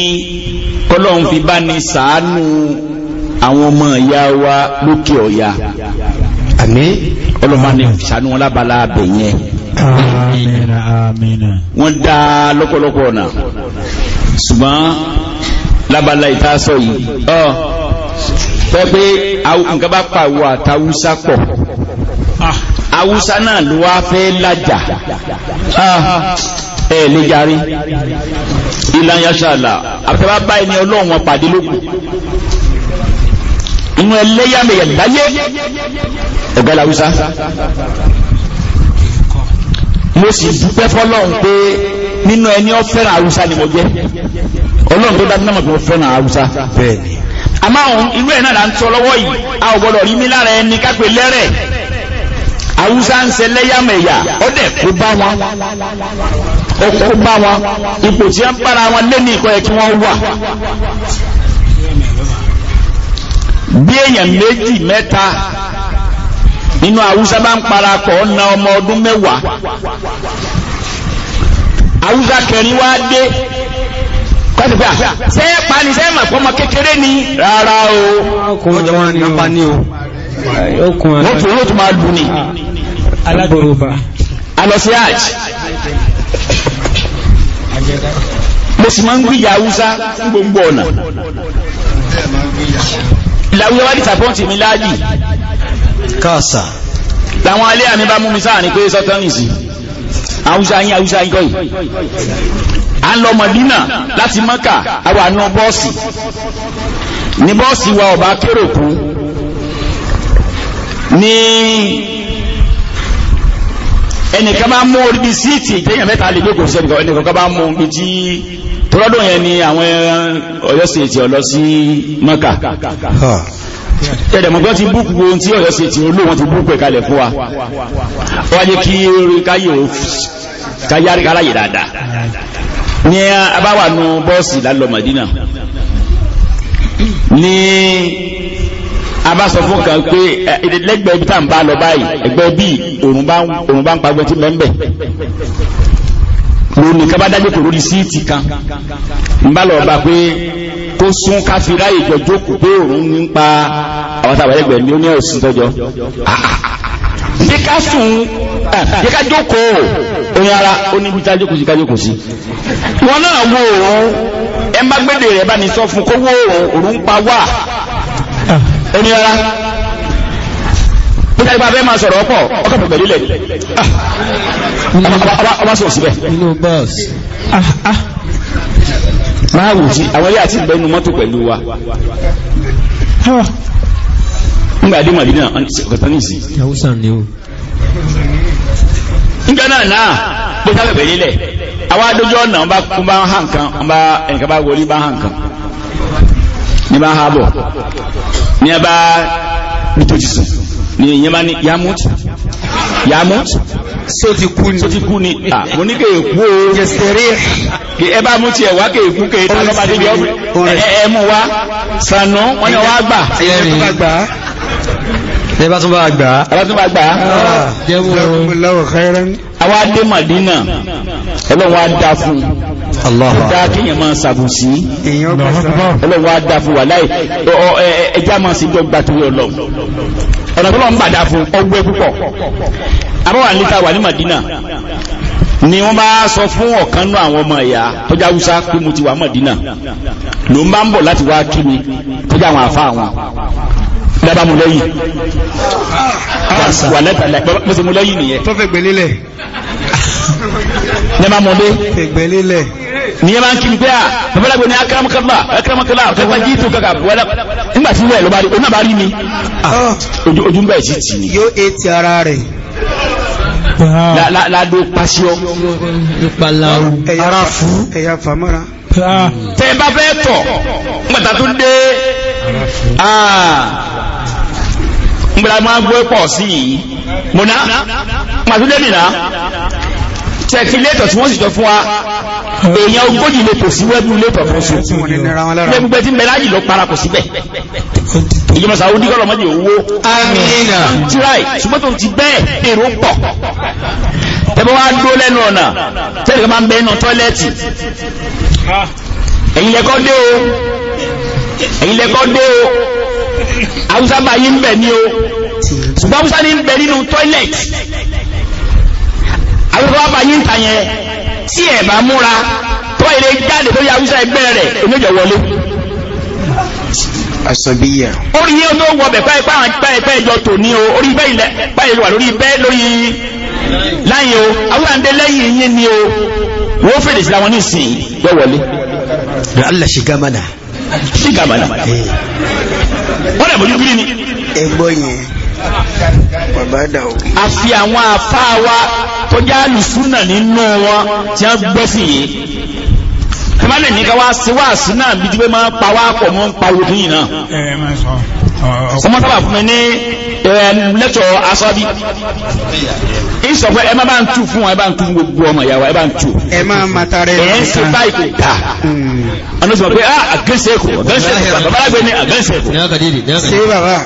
kọ́lọ́hún fi bá ní sàánú àwọn ọmọ ìyá wa lókè ọ̀yà. àmín ọlọ́mọ ni sàánú wọn lábala abẹ̀yẹn àmín àmín wọ́n dá lọ́pọ̀lọpọ̀ ọ̀nà ṣùgbọ́n lábàlá ìtàṣọ yìí ọ́ pẹ́ pé nǹkan bá pàwọ́ àtàwùsá pọ̀ ah. àwùsá náà ló wá fẹ́ lájà ah, ẹ̀ lè jarí ìlànà ṣàlà àfẹ́bá bá ẹni ọlọ́run pàdé lókù inú ẹlẹ́yàmẹ̀yẹ̀ láyé ẹ̀gbẹ́ làwùsá mo sì dúpẹ́ fọ́lọ́run pé nínú ẹni ó fẹ́ràn haúsá ni mo jẹ́ ọlọ́run tó dájú náà mọ̀ pé mo fẹ́ràn haúsá bẹ́ẹ̀ni àmọ́ àwọn inú ẹ̀ náà là ń tọ́ lọ́wọ́ yìí a ò gbọ́dọ̀ rí mi lára ẹni kápẹ́ lẹ́rẹ̀ haúsá ń ṣe lẹ́yàmẹ̀yà ó dẹ̀ kó bá wọn ó kó bá wọn ipò tí wọ́n bára wọn lé ní ìkọ́ kí wọ́n wà bí èèyàn méjì mẹ́ta nínú haúsá bá ń parapọ̀ ọ̀nà ọmọ ọdún mẹ́wàá haúsá kẹrin wá dé kọ́sìpá ṣe é pani ṣe é mà kékeré ni rárá o ọjọ́ wọn ni nọ́mbà ni o wọ́n tún wọ́n tún máa dùn ni alọ́sí àj mo sì máa ń gbìyà haúsá gbogbo ọ̀nà ìlàwúyẹ́wádìí tàbọ́ǹtì mi láàyè káàsà láwọn alẹ́ àmì bá mú mi sáà ní pé sọ́tọ́nìsì àwùjá yín àwùjá yín kọ́ yìí à ń lọ mọ̀dínà láti mọ́kà àwọn àánú bọ́ọ̀sì ní bọ́ọ̀sì wa ọba kérò kú ní ẹnìkan bá mú orí síìtì ìjẹyàn mẹ́ta lè jókòó sí ẹnìkan ẹnìkan bá mú orí tí tọ́lọ́dún yẹn ni àwọn Ọ̀yọ́ sèètì ọ̀lọ́ mọ́kà tẹ̀dẹ̀mọ̀gbọ́n ti búkú ohun tí ọ̀yọ́ ṣe tí olóòwọ́n ti búkú ẹ̀kalẹ̀ fún wa wọ́n yẹ kí orí káyè káyárí aláyè dáadáa ní abáwànú bọ́ọ̀sì lálọ Mádínà ní abásọ fún kan pé lẹ́gbẹ̀ẹ́ ibi tá à ń bá tó sún káfíra ìjọ jókòó pé òun ní ń pa àwọn tàbẹ̀lẹ́gbẹ̀ ní ó ní ọ̀sìn tọ́jọ́ bí ká sùn bí ká jókòó orin ara ó ní bí wọn náà wo òun ẹ má gbédè rẹ bá ní sọ fún kó wo òun òun pa wà orin ara bí ká nípa abẹ́ máa sọ̀rọ̀ ọ̀pọ̀ ọkọ̀ pẹ̀lú ilẹ̀ ọba sọ̀rọ̀ síbẹ̀. máa wù sí àwọn yà àti mọ́tò pẹ̀lú wa nígbà dé màdínà ọ̀tán nìsí nígbà náà náà pé sábẹ̀ bẹ̀rẹ̀ lẹ̀ àwọn adójú ọ̀nà ọba kún bá hàn kan ọba ẹnìkan bá wọlé bá hàn kan ní bá ha bọ̀ ní ẹ bá ní ìyẹn bá yamut yamut kú ni A kú ni ah, mo o ẹ bá mú tiẹ̀ wá kéèkú kéèkú alọ́bàdé bí ẹ mú wá sànú wọ́n yẹ wá gbà. ẹ bá tún bá gbà á. ẹ bá tún bá gbà á. Ah, àwa dé Madina Ọlọ́run wa dá fún un dá kéèyàn máa ṣàbùsí Ọlọ́run wa dá fún wàláì ẹja máa sì jọ gbàtúwé Ọlọ́run ọ̀nà tó lọ́n bàdá fún ọgbẹ́ púpọ̀ àbáwá níta wà ní Madina ni wọ́n bá sọ fún ọ̀kan náà àwọn ọmọ ẹ̀yà tó já wúsá pé mo ti wà mọ̀dínà ló ń bá ń bọ̀ láti wá kí mi tó já àwọn àfa àwọn dábàá mo lẹ́yìn wà lẹ́tà mo sì mo lẹ́yìn nìyẹn. tó fẹ́ gbélé lẹ̀. ní ẹ máa mọ dé. fẹ́ gbélé lẹ̀. ní ẹ máa ń kí mi pé à ah, bàbá àgbẹ̀ ní akaramakala akaramakala kẹfà jí tó kàkà wọlé nígbà tí wọ́n ẹ̀ ló bá rí ah, ah. ojú ń bá sí tì ní. yóò etí ara rẹ̀ ládó pàṣíọ́ ara fún ẹ̀yà fàmọ́ra tẹ́ bá fẹ́ tọ̀ nígbàtà tó dé nígbàtà ah. máa gbọ́ pọ̀ sí yìí mọ̀ná màtúndé mìíràn tẹ̀kí létọ̀ tí wọ́n sì jọ fún wa èèyàn ogójì lè tò sí wẹ́bù lè tọ̀ fún sí gbẹ́gbẹ́ tí mẹ́láyì lọ para kò síbẹ̀ ìjọba sàúdí kọ́lọ̀ mọ́jì owó amina tíráì ṣùgbọ́n tó ti bẹ́ẹ̀ èrò pọ̀ tẹ́bọ́ wá dó lẹ́nu ọ̀nà tẹ́lẹ̀ máa ń bẹ inú tọ́lẹ́ẹ̀tì ẹ̀yin lẹ́kọ́ dé o ẹ̀yin lẹ́kọ́ dé o haúsá bá yí ń bẹ ní o ṣùgbọ́n haúsá ní ń bẹ nínú tọ́lẹ́ẹ̀tì àwọn ọba yí ń yẹn tí ẹ̀ bá múra tó ilé jáde tó yàwúsá ẹgbẹ́ rẹ̀ oníjọ wọlé asọ̀bíyà orí yíò tó wọ̀bẹ̀ pẹ́ẹ̀pẹ́ ìjọ tò ní o orí bẹ́ẹ̀ ilẹ̀ pẹ́ẹ̀ wà lórí bẹ́ẹ̀ lórí láyìn o awúrandé lẹ́yìn yín ni o wọ́n fèrè sí àwọn nísìn yọ wọlé Allah ṣìgámanà ṣìgámanà wọ́n rẹ̀ bójú gírí ni ẹgbọ́ yẹn bàbá dà o a fi àwọn àfáà wa tó já lùsúnà nínú wọn tí a gbẹ́sì yìí tí má lè ní ká wá sí wá sí náà bí jíwé máa pa wá pọ̀ mọ́ ń pa ogun yìí náà ọmọ sábà fún mi ní lẹ́tọ̀ asọ́bí ìsọ̀fẹ́ ẹ má bá ń tù fún ẹ bá ń tù fún gbogbo ọmọ ìyàwó ẹ bá ń tù ẹ má má tarẹ̀ ẹ̀ ń sí báyìí kò dáa ọ̀nà hmm. ìsọ̀fẹ́ pé ah, àgẹ́sẹ̀ kò àgẹ́sẹ̀ kò bàbá lágbé ní àgẹ́sẹ̀ kò sí bàbá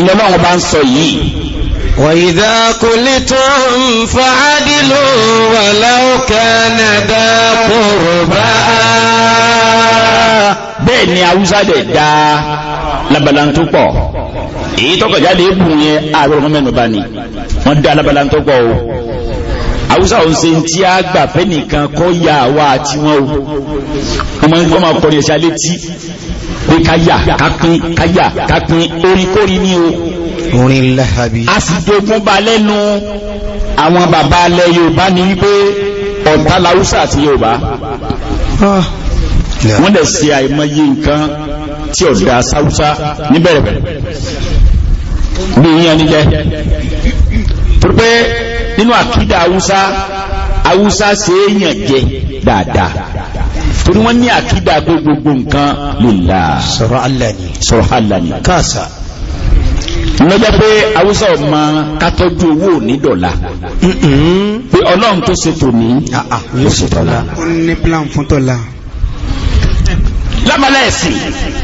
ìlọ́lọ́wọ́ bá ń sọ yìí وَإِذَا قُلْتُمْ فَعَدِلُوا وَلَوْ كَانَ ذَا قُرْبَىٰ bẹ́ẹ̀ ni haúsá dẹ̀ dá labala tó pọ̀ èyí tọ́kọ̀ jáde ébùn yẹn ààrẹ ọmọ mẹ́nu bá ní wọ́n dá labala tó pọ̀ o haúsá ò ń ṣe tí a gbà fẹ́ nìkan kọ́ ya àwa àti wọn o wọ́n máa kọrin ẹ̀ṣà létí pé káyà kápín káyà kápín oríkórí ní o orin láhàbí a sì dogun ba lẹ́nu àwọn bàbá alẹ́ Yorùbá ni wípé ọ̀tá láúsà àti Yorùbá ah. wọ́n dẹ̀ ṣe àìmọye nǹkan tí ọ̀dá sáúsá níbẹ̀rẹ̀ bí yíyan nílẹ̀ tó pé nínú àkídà haúsá haúsá ṣe é yàn jẹ dáadáa torí wọ́n ní àkídà pé gbogbo nǹkan lillah sọ̀rọ̀ alani sọ̀rọ̀ alani káàsà lọ́jọ́ pé haúsá ọmọ kátọ́jú owó ní dọ̀la pé ọlọ́run tó ṣètò ní ló ṣètò la. ó ní plan fún tọ́la lábàlá ẹ̀sìn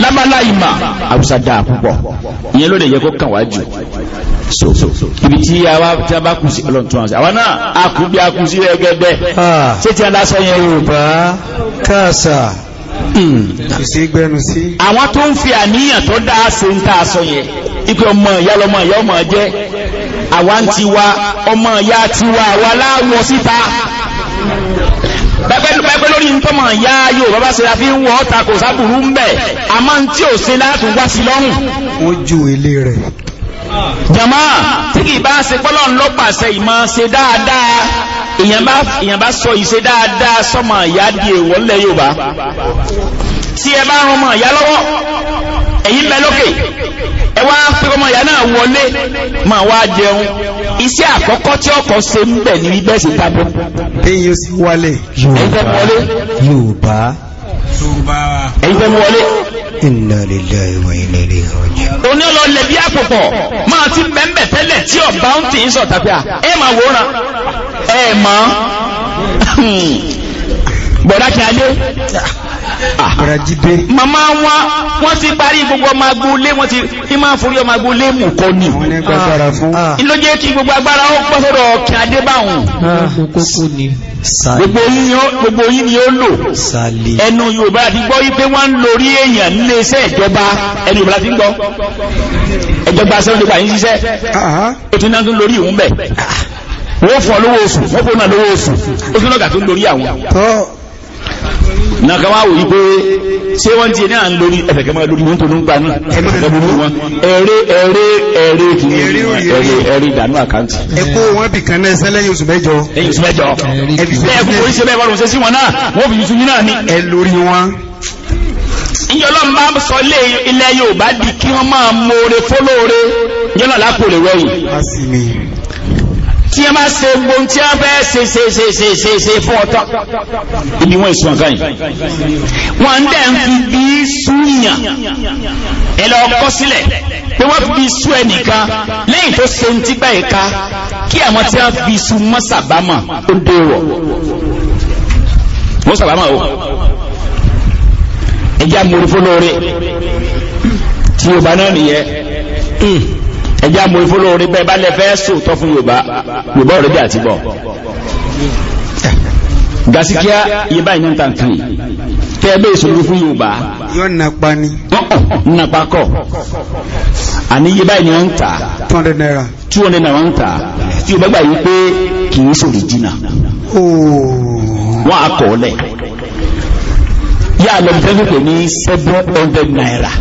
lábàlá ìmà àwùsá dáa púpọ̀ ìyẹn ló lè yẹ kó kàn wá jù so ibi tí a bá kù sí ọlọ́ntún àti àwọn náà a kù bí a kù sí ẹgẹ́dẹ́ ṣé tí a lásán yẹn o bá káàsà hmm. àwọn tó ń fi àníyàn tó dáa ṣe ń tàà sọ yẹn ipò ọmọ ìyá lọmọ ìyá ọmọ jẹ́ àwa ọmọ ìyá tiwa àwa láwọ síta pẹ́pẹ́ lórí ń tọ́mọ̀ ìyá yóò bàbá ṣe àfi ń wọ́n ta kò sábùrú ń bẹ̀ àmọ́ tí ò ṣe látún wá sí lọ́rùn. ó ju ilé rẹ̀ jama tí kì bá ṣe pọ́lọ̀ ń lọ pàṣẹ ìmọ̀ ṣe dáadáa èèyàn bá sọ ìṣe dáadáa sọmọ ìyá di èèwọ̀ ńlẹ̀ Yorùbá tí ẹ bá rán ọmọ ìyá lọ́wọ́ ẹ̀yin bẹ lókè ẹ wá pé ọmọ ìyá náà wọlé máa wá jẹun iṣẹ́ àkọ́kọ́ tí ọkọ̀ ṣe ń bẹ̀ ní bẹ́ẹ̀ sì tábọ́. èyí ò sí wálé Yorùbá ẹ̀yìn tó mú wọlé inna lillahi wa inna ilayhi raji'un òní ọlọ lẹ̀bí àpòpọ̀ máa ti bẹ̀m̀bẹ̀ tẹ́lẹ̀ tí ọba ń tì ń sọ tàbí ẹ máa wòran ẹ mọ́ bọ̀dá kí a wa wọ́n ti parí gbogbo ọmọ agbóolé wọ́n ti ní máa forí ọmọ agbóolé mú kọ ní ìlójé kí gbogbo agbára ó pọ́ sọ́dọ̀ kí adébáhùn gbogbo yí ni ó lò ẹnu Yorùbá ti gbọ́ wípé wọ́n ń lórí èèyàn nílé iṣẹ́ ìjọba ẹni Yorùbá ti gbọ́ ẹjọba sẹ́wọ́n nípa yín ṣiṣẹ́ ó ti náà tún lórí ìhùn bẹ̀ wọ́n fún ọ oṣù wọ́n fún ọ oṣù ó tún lọ́gà tó lórí àwọn náà ká wá wò wípé ṣé wọ́n ti náà ń lórí ẹ̀fẹ̀kẹ́ máa lórí wọn tó ló ń gbaná ẹ̀bùrú ere ere ẹ̀rẹ́ ẹ̀rẹ́ kì í ẹ̀rẹ́ ẹ̀rẹ́ ìdànù àkáǹtì. ẹ kó wọn bì kan náà ẹsẹ lẹ́yìn oṣù mẹ́jọ. lẹ́yìn oṣù mẹ́jọ bẹ́ẹ̀ kò oríṣi bẹ́ẹ̀ wọ́n ṣe sí wọn náà wọ́n fi yusuf náà ní. ẹ lórí wọn. ìjọba máa ń sọ ilẹ̀ Yorùbá di kí wọ́n máa mọ̀ọ́rẹ́ fọ́lọ́ọ̀rẹ́ yọ́nà lápò rẹ̀ wẹ̀yìn tí a máa se gbogbo tí a fẹ́ ṣe ṣe ṣe ṣe ṣe ṣe fún ọ̀tọ̀ ibi wọn ìsúnmọ̀ káyìn wọ́n dẹ̀ ń fi bí súnyàn ẹlọ ọkọ sílẹ̀ pé wọ́n fi sú ẹnìkan lẹ́yìn tó ṣe ń tígbà ìka kí àwọn tí a fi sú mọ́sàbámà ó dé wọ̀ mọ́sàbámà ó ẹjá mórí fún lóore tí yorùbá náà nìyẹn ẹjẹ́ àmú ìfólóorí bẹ́ẹ̀ bá lẹ fẹ́ sòótọ́ fún yorùbá yorùbá ọ̀rẹ́ bí àti bọ̀ gasikia iye báyìí ní tàǹtàn tẹ́ ẹ bẹ́ẹ̀ sòótọ́ fún yorùbá. yóò napa ni. napa kọ àní iye báyìí ń tà. two hundred naira. two hundred naira wọ́n ń tà tí o bá gbà yìí pé kì í sòrò jìnnà. Oh. wọ́n á kọ̀ ọ́ lẹ̀ yá lọ́mọdé ní seven hundred naira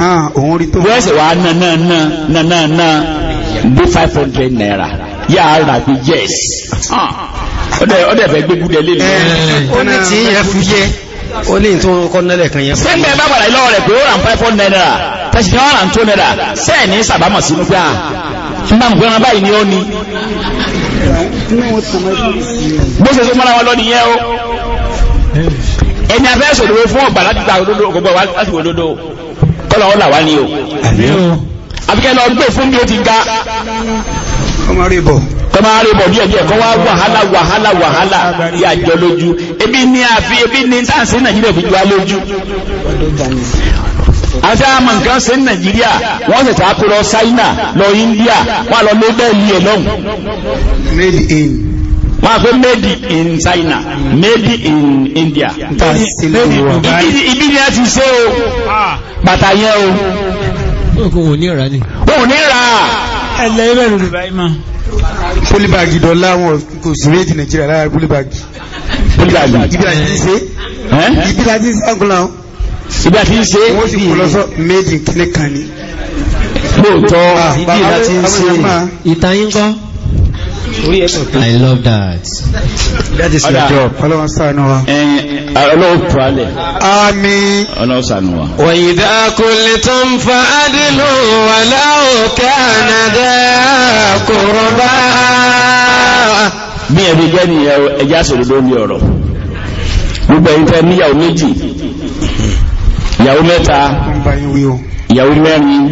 òun rí tó na na na? nánánánánáná five hundred naira yà á rà pé yes ọdẹ fẹ́ gbé gúdẹ lé lọ. ó ní tí yẹn fi yẹ ó ní tó kọ́ nílẹ̀ kan yẹn. sẹ́ńgbẹ́ bá padà lọ́wọ́ rẹ̀ pé ó rà 500 naira tẹ̀sí ni wọ́n rà 2 naira sẹ́ẹ̀ ní sàbámọ̀ sínú pé à ń bá nǹkan báyìí ni ó ní. bó ṣe sọ mọ́ra wọn lọ nìyẹn o ẹni afẹ́ sọ̀rọ̀ fún ọgbà láti gba òdodo ògbà láti wò òdodo kọ́lọ̀ ọ̀là wá ní o àbíkẹ́ lọ gbé fún bí ó ti ga tọ́mọ rí bọ̀ bí ẹ̀bí ẹ̀kọ́ wá wàhálà wàhálà wàhálà yà jọ lójú ebi ní àfi ebi ní sáàsì nàìjíríà fi jọ lójú àti àmà nǹkan sí nàìjíríà wọ́n sì tààkù lọ ṣáínà lọ india wọ́n lọ lébẹ̀ẹ́lì ẹ̀ lọ́hùn wọ́n á made in China made in India ibi ni a ti ṣe o bàtà yẹn o òkun ò ní ìrà ní òun ní ìrà ẹlẹ́ ìbẹ̀rù Dubai ma polybagi dọ́lá wọn kò sí méjì Nàìjíríà lára polybagi polybagi ibi àti ṣe ibi àti ṣe àgùnlá ibi àti ṣe wọ́n sì kò lọ́sọ méjì kílẹ̀ kan ni lóòótọ́ ah, ibi àti ṣe ìtayín kọ́ i love that that is your job ọlọ́wọ́ sànú wa eh, ọlọ́wọ́ pàálẹ̀ àmín ọlọ́wọ́ sànú wa wa idha qultum fa'adlu walau kana dha qurba bí ẹ̀rí jẹ́ ni ẹjá sòròdó ní ọ̀rọ̀ gbogbo ẹ̀yìn fẹ́ níyàwó méjì ìyàwó mẹ́ta ìyàwó mẹ́rin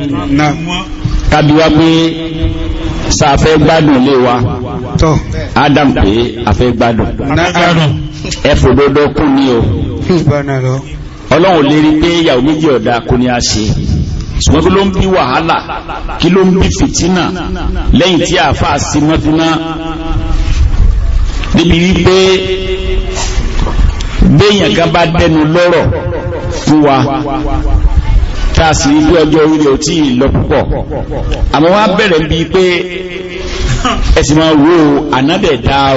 tàbí wá pé sàfẹ́ gbádùn lé wa adam pé afẹ́ gbádùn ẹfò dodo kún ní o ọlọ́run lè rí pé ìyàwó méjì ọ̀dà kún ní a ṣe ṣùgbọ́n kí ló ń bí wàhálà kí ló ń bí fìtínà lẹ́yìn tí àáfàá sí mọ́tínà níbi wípé béèyàn kan bá dẹnu lọ́rọ̀ fún wa tá a sì rí pé ọjọ́ orí ò tí ì lọ púpọ̀ àmọ́ wá bẹ̀rẹ̀ bíi pé ẹ̀sìn máa wo ànábẹ̀ o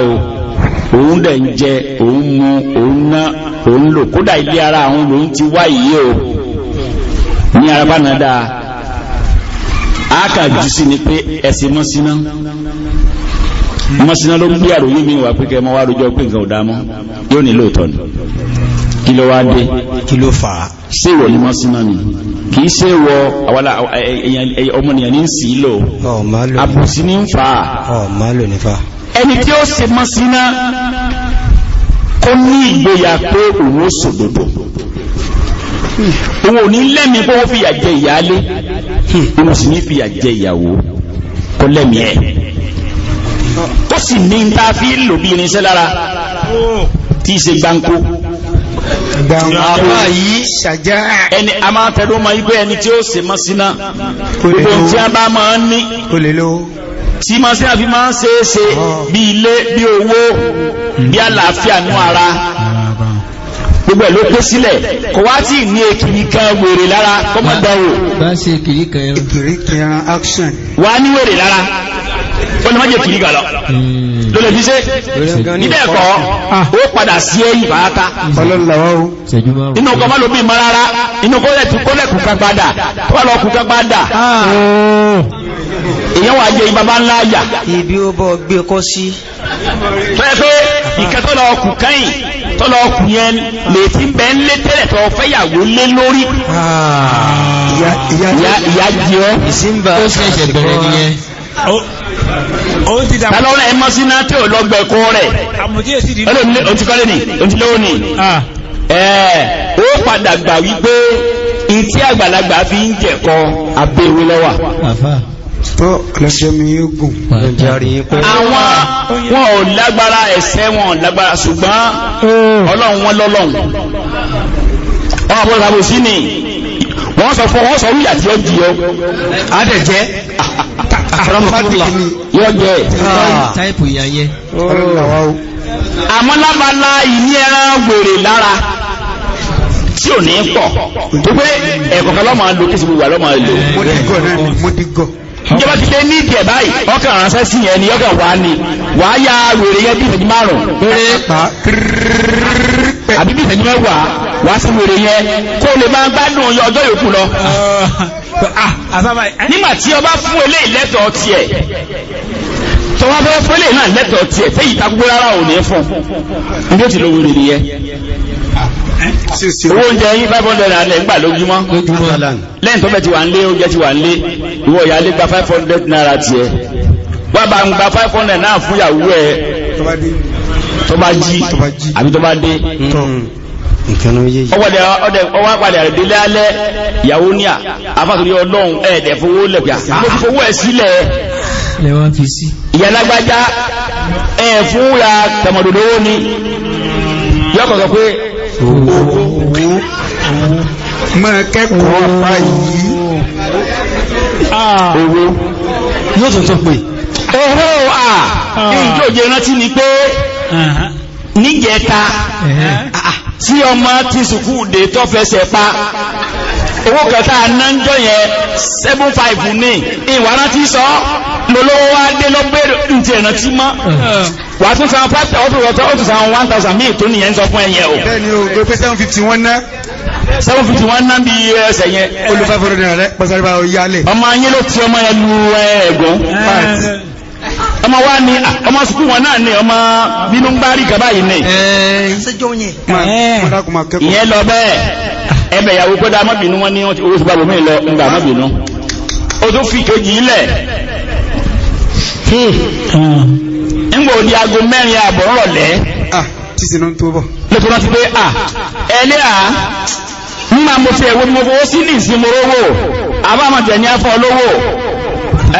òun dẹ̀ ń jẹ òun mu òun ná òun lò kódà ara àwọn lòun ti wá yìí o ní araba náà dáa a kà jù sí ni pé ẹ̀sìn mọ́ síná ló ń gbé àròyé mi pé kẹ́ mọ́ wá rojọ́ pé nǹkan ni. kí ló wá dé kí ló fà á ṣé ìwọ ni mọ́sánà ni kì í ṣe wọ àwọlà ọmọnìyàn ní sí lò àbùsí ní ń fà á ẹni tí ó ṣe mọ́sánà kó ní ìgboyà pé òun ó sòdodo òun ò ní lẹ́mìí kó fìyà jẹ ìyáálé òun sì ní fìyà jẹ ìyàwó kó lẹ́mìí ẹ̀ tó sì ní ta fi lòbí irinṣẹ́ lára tí í ṣe gbáǹkó jàmáà yìí ẹni a máa tẹ́lú ma ibẹ́ ẹni tí ó se mọ́ síná gbogbo tí a bá máa ń ní tí máa sí àfi máa ń se é se bí ilé bí owó bí àlàáfíà nú ara gbogbo ẹ̀ ló pé sílẹ̀ kò wá tí ní èkìrí kan wèrè lára kọ́mọ̀dánwò bá ṣe èkìrí kan ẹran action wà ní wèrè lára wọ́n ni má jẹ́ kìrí gàlọ́ hmm. ló lè fi ṣe níbẹ̀ ẹ̀kọ́ ó padà sí ẹ̀yìn bàáta inú ọkọ̀ má ló bí marara inú kólẹ̀ tí kólẹ̀ kù kagbada tó ah. wà lọ kù kagbada èyàn wà jẹ́ ibaba ńlá àyà ibi ó bọ́ gbé kọ́ sí pẹ́ẹ́pẹ́ ìkẹtọ́lọ kẹ́yìn tọ́lọ yẹn lè ti bẹ́ ń lé tẹ́lẹ̀ tọ́ fẹ́yàwó lé lórí ah. ìyá jẹ́ ó ṣẹ̀ṣẹ̀ bẹ̀rẹ̀ tàbí ẹ mọ́ sí náà tí ò lọ́gbẹ̀ kó rẹ̀ ó ti kọ́lé ní ó ti lówó ní ó padà gbà wípé ìtí àgbàlagbà fi ń jẹ̀kọ abẹ́wé lọ́wà tó lẹ́sẹ̀mí yóò gùn lọ́jàrí pẹ́ àwọn wọn ò lágbára ẹ̀ṣẹ̀ wọn lágbára ṣùgbọ́n ọlọ́run wọn lọ́lọ́run ọmọ àbúrò ni wọ́n sọ fún wọ́n sọ wíyà tí ó di ọ adẹ̀jẹ́ yóò jẹ́ àmọ́ lábala ìní ẹran wèrè lára tí ò ní pọ̀ tó pé ẹ̀kọ̀kan lọ́mọ lò kí sí gbogbo àlọ́mọ lò ìjọba ti dé ní ìdíẹ̀ báyìí ọkàn ránṣẹ́ sí yẹn ni ọkàn wà ní wà á ya wèrè yẹn bí ìfẹ̀jú márùn-ún àbí bí ìfẹ̀jú mẹ́wàá wá sí wèrè yẹn kó lè máa gbádùn ọjọ́ yòókù lọ ah, ah, nígbà tí ọba fún eléyìí lẹ́tọ̀ọ́ tiẹ̀ tọwọ́ bẹ́ẹ̀ fún eléyìí náà lẹ́tọ̀ọ́ tiẹ̀ fẹ́ yìí tagbó rárá ò fún un bí ó ti lọ wèrè nìyẹn owó oúnjẹ yín five hundred naira lẹ́yìn gbà lójúmọ́ lẹ́yìn tó bẹ̀ ti wà ń lé oúnjẹ ti wà ń lé ìwọ ìyá gba five hundred naira tiẹ̀ wá bá gba five hundred náà fún ìyàwó tó bá jí àbí ìkànnà méjèèjì ọwọ́ àpàdé àrẹ̀ délé ìyàwó ní à afásórí ọlọ́run ẹ̀ẹ̀dẹ̀ fowó lẹ̀pẹ̀ mo fi fowó ẹ̀ sílẹ̀ lẹ́wọ́n fi ẹ̀ fún ra tẹ̀mọ̀dòdó ní yọ́kọ̀ọ̀kọ̀ pé owó ah, owó à ah, ah. ní níjẹta ah, ah, tí ọmọ ti sùkú dé tó fẹsẹ̀ pa owó kẹta anájọ́ yẹn 75 ní ìwárá tí sọ lọ́lọ́wọ́ wá dé lọ́gbẹ̀rẹ̀ ǹtì ẹ̀nà tí mọ́ wà tún san 5,000 ọdún wọ́tọ́ ó tún san 1,000 míì tó nìyẹn sọ fún ẹ̀yẹ o bẹ́ẹ̀ni o gbé pé 751 náà 751 náà bí ẹsẹ̀ yẹn olùfẹ́fẹ́ rẹ̀ pẹ̀sẹ̀ rẹ̀ yálẹ̀ ọmọ ayé ló ti ọmọ ẹlú ẹ̀gbọ́n ọmọ wa ni ah, ọmọ wọn náà ni ọmọ bínú ń gaba yìí ni eh, eh, eh, ìyẹn lọ wọn ni mi lọ fi kejì hmm. aago ààbọ̀ ah, ló tó pé ah, ẹlẹ́ a. máa mo fi ẹ̀wọ́ mi mo sí ní ìsinmi àbámọ̀jẹ̀ ní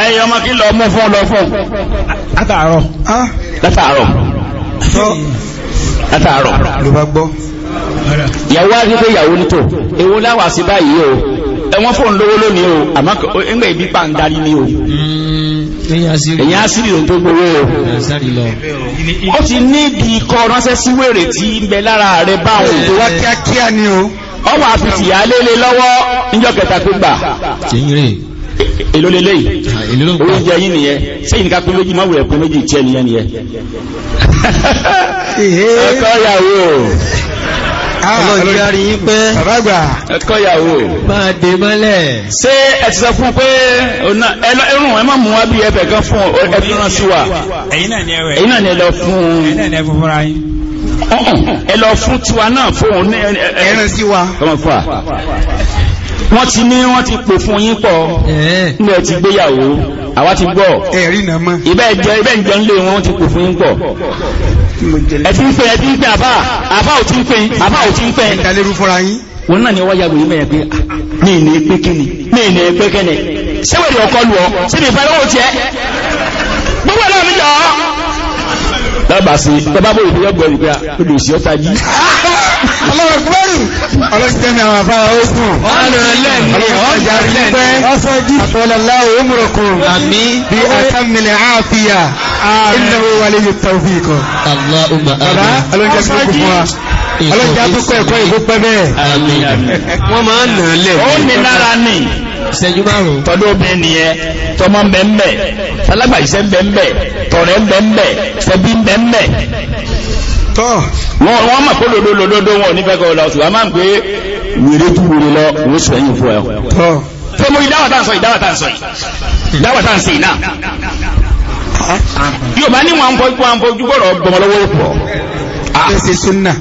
ẹ̀yìn ọmọ kí lọ mú fún lọ fún látàárọ̀ látàárọ̀ látàárọ̀ ló bá gbọ́ yàwó á rí pé yàwó nítò èwo báyìí o ẹ̀wọ́n fóun lónìí o o tó gbowó ti ní ibi sí wèrè tí ń bẹ lára wá kíákíá ni o èlò lélẹ́ yìí ah, oúnjẹ yìí nìyẹn sẹ́yìn ká pé méjì má wùrẹ̀ pé méjì tiẹ̀ nìyẹn nìyẹn ẹ̀kọ́ ah, yàwó ọlọ́jọ́rí yí pé bàbágbà ẹ̀kọ́ yàwó máa dé mọ́lẹ̀ ṣé ẹ ti sọ fún pé ẹrùn ẹ má mú wá bí ẹbẹ̀ kan fún ẹfìran sí wa ẹ̀yin náà ni ẹ lọ fún ẹ lọ fún tiwa náà fún ẹrùn sí wa wọ́n ti ní wọ́n ti pè fún yín pọ̀ ní ẹ̀ ti gbéyàwó àwa ti gbọ́ ibẹ̀ jẹ́ ibẹ̀ ń jọ ń lé wọn wọ́n ti pè fún yín pọ̀ ẹ̀ ti ń pè ẹ̀ ti ń pè àbá àbá ò ti ń pè àbá ò ti ń pè wọn náà ni wọ́n yàgò yìí mẹ́rin pé ah, ní ìní pé kíni ní ìní pé kíni ṣéwèrè ọkọ lù ọ síbi ìfẹ́ lọ́wọ́ tiẹ̀ gbogbo ẹ̀ náà mi jọ ọ́. lọ́ba sí lọ́ba bó ìdílé ọgbọ̀n ìgbà olùsí ọ̀tá yìí. ọlọ́rọ̀kúnmọ́rì ọlọ́sítẹ́mì àwọn àfáà ó sùn ọlọ́jà tó kọ́ ẹ̀kọ́ ìgbó pẹ́ bẹ́ẹ̀ wọ́n máa ń nà lẹ̀ ó ní lára ní ìṣẹ́jú márùn-ún tọ́dún obìnrin nìyẹn tọmọ ń bẹ ń bẹ alágbàṣẹ́ ń bẹ ń bẹ tọ̀rẹ́ ń bẹ ń bẹ ṣẹbí ń bẹ ń bẹ wọ́n mọ̀ pé lòdó lòdó wọn nífẹ́ kọ́ lọ ṣùgbọ́n máa ń pé wèrè tú wèrè lọ wọ́n sọ ẹ̀yìn fún ẹ tó mú ìdáwà tá à ń sọ ìdáwà tá à ń sọ ìdáwà tá à ń sè náà yóò bá ní wọn ń fojú gbọ́rọ̀ gbọmọlọ́wọ́ pọ̀ ah. ẹsẹ̀ súnnà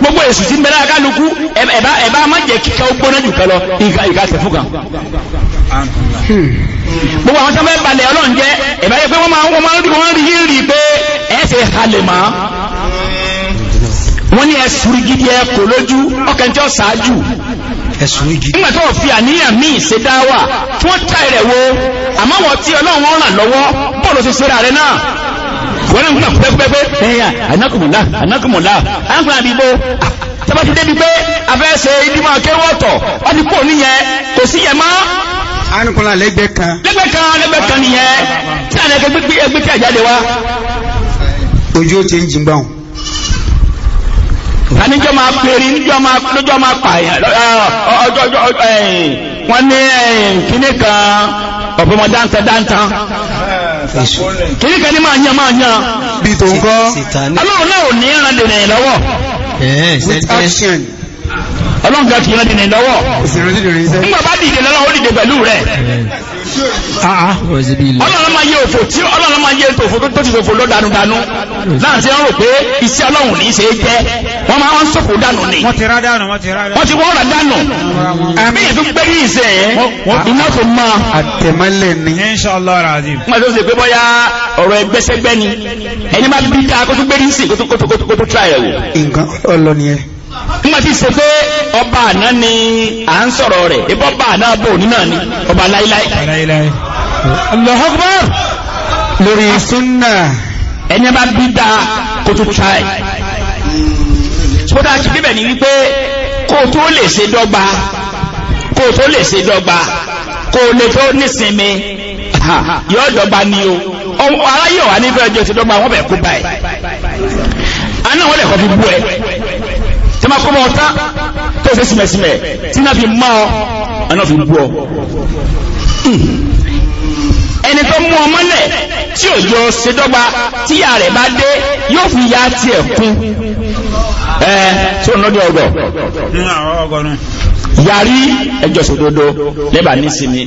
gbogbo èsù tí ń bẹ̀rẹ̀ akálukú ẹ̀bá má jẹ́ kíkà ó gbóná jù kẹlọ ìka ìka tẹ̀fún kan gbogbo àwọn sábẹ́ balẹ̀ ọlọ́run jẹ́ ìbáyé pé wọ́n máa ń wọ́n máa ń rí wọ́n rí rí pé ẹ̀ẹ́sẹ̀ halẹ̀ mọ́ wọ́n ní ẹ̀sùn gidi ẹ kò lójú ọkàn tí ó ṣáájú ẹ̀sùn igi nígbà tó fi àníyàn míì ṣe dá wà tí wọ́n ta ẹ̀rẹ̀ wo àmọ́ wọ́n tí ọlọ́run ràn lọ́wọ́ bọ́ọ̀lù ṣe ṣe rà náà wọ́n náà ń pẹ́pẹ́pẹ́ ẹ̀yà anákùmọ̀lá anákùmọ̀lá anákùmọ̀lá àbíbó tẹ́bá débi pé afẹ́ ṣe ibi kéwọ́tọ̀ wọ́n ti níyẹn kò sí mọ́ anukunla lẹ́gbẹ́ kan lẹ́gbẹ́ kan lẹ́gbẹ́ kan nìyẹn tí a nẹ́gbẹ́ gbé ẹgbẹ́ tí a jáde wá ojú ó ti ń jìn gbọ́n aníjọ́ máa pèrè lójọ́ máa pààyàn wọ́n ní kíní kan ọ̀pọ̀ mọ́ dáńtán dáńtán kìí kan ní máa yán máa yán bí tó ń kọ́ aláwọ̀ náà ò ní ìrànlẹ̀ lọ́wọ́ with action ọlọ́run kan ti yan dìde lọ́wọ́ nígbà bá dìde lọ́wọ́ ó dìde pẹ̀lú rẹ̀ ah, ah. ọlọ́run máa yẹ òfò tí ọlọ́run máa yẹ òfò tó ti sòfò ló dànù dànù láà tí wọ́n rò pé iṣẹ́ ọlọ́run ní í ṣe é jẹ́ wọ́n máa ń sòfò dànù ni wọ́n ti wọ́n rà dànù ẹ̀mí ìfi pé ní ìṣe iná tó máa àtẹ̀mọ́lẹ̀ ni. wọ́n tó ṣe pé bọ́yá ọ̀rọ̀ ẹgbẹ́sẹgbẹ́ ni ẹni má bí dáa kó tó gbé ní sí kó tó try ẹ̀ wò. nǹkan ọlọ́ni ẹ̀ nígbàtí ṣe pé ọba àná ni à ń sọ̀rọ̀ rẹ̀ ìbọ́ ọba àná bò ní náà ni ọba láíláí Allahu Akbar lórí súnnà ẹni bá bí dáa kó tó try ṣódá ti bíbẹ̀ ni wípé kó tó lè ṣe dọ́gba kó tó lè ṣe dọ́gba kó lè tó nísinmi yóò dọ́gba ni o aráyé wà níbẹ̀ ọjọ́ ti dọ́gba wọ́n bẹ̀ kó báyìí aná wọ́n lè kọ́ fi bú ẹ tí ma kó bọ̀ ọ̀tá tó ṣe símẹ̀símẹ̀ tí náà fi mọ́ ọ ọ̀nà fi gbọ́ hmm. ẹni tó mú ọmọ lẹ̀ tí ò jọ ṣe dọ́gba rẹ̀ bá dé yóò fi ya ti ẹ̀ kún ẹ tí ò nọ́dọ̀ ọgọ̀ yàrí ẹjọ́ sòdodo lẹ́bà nísìnyí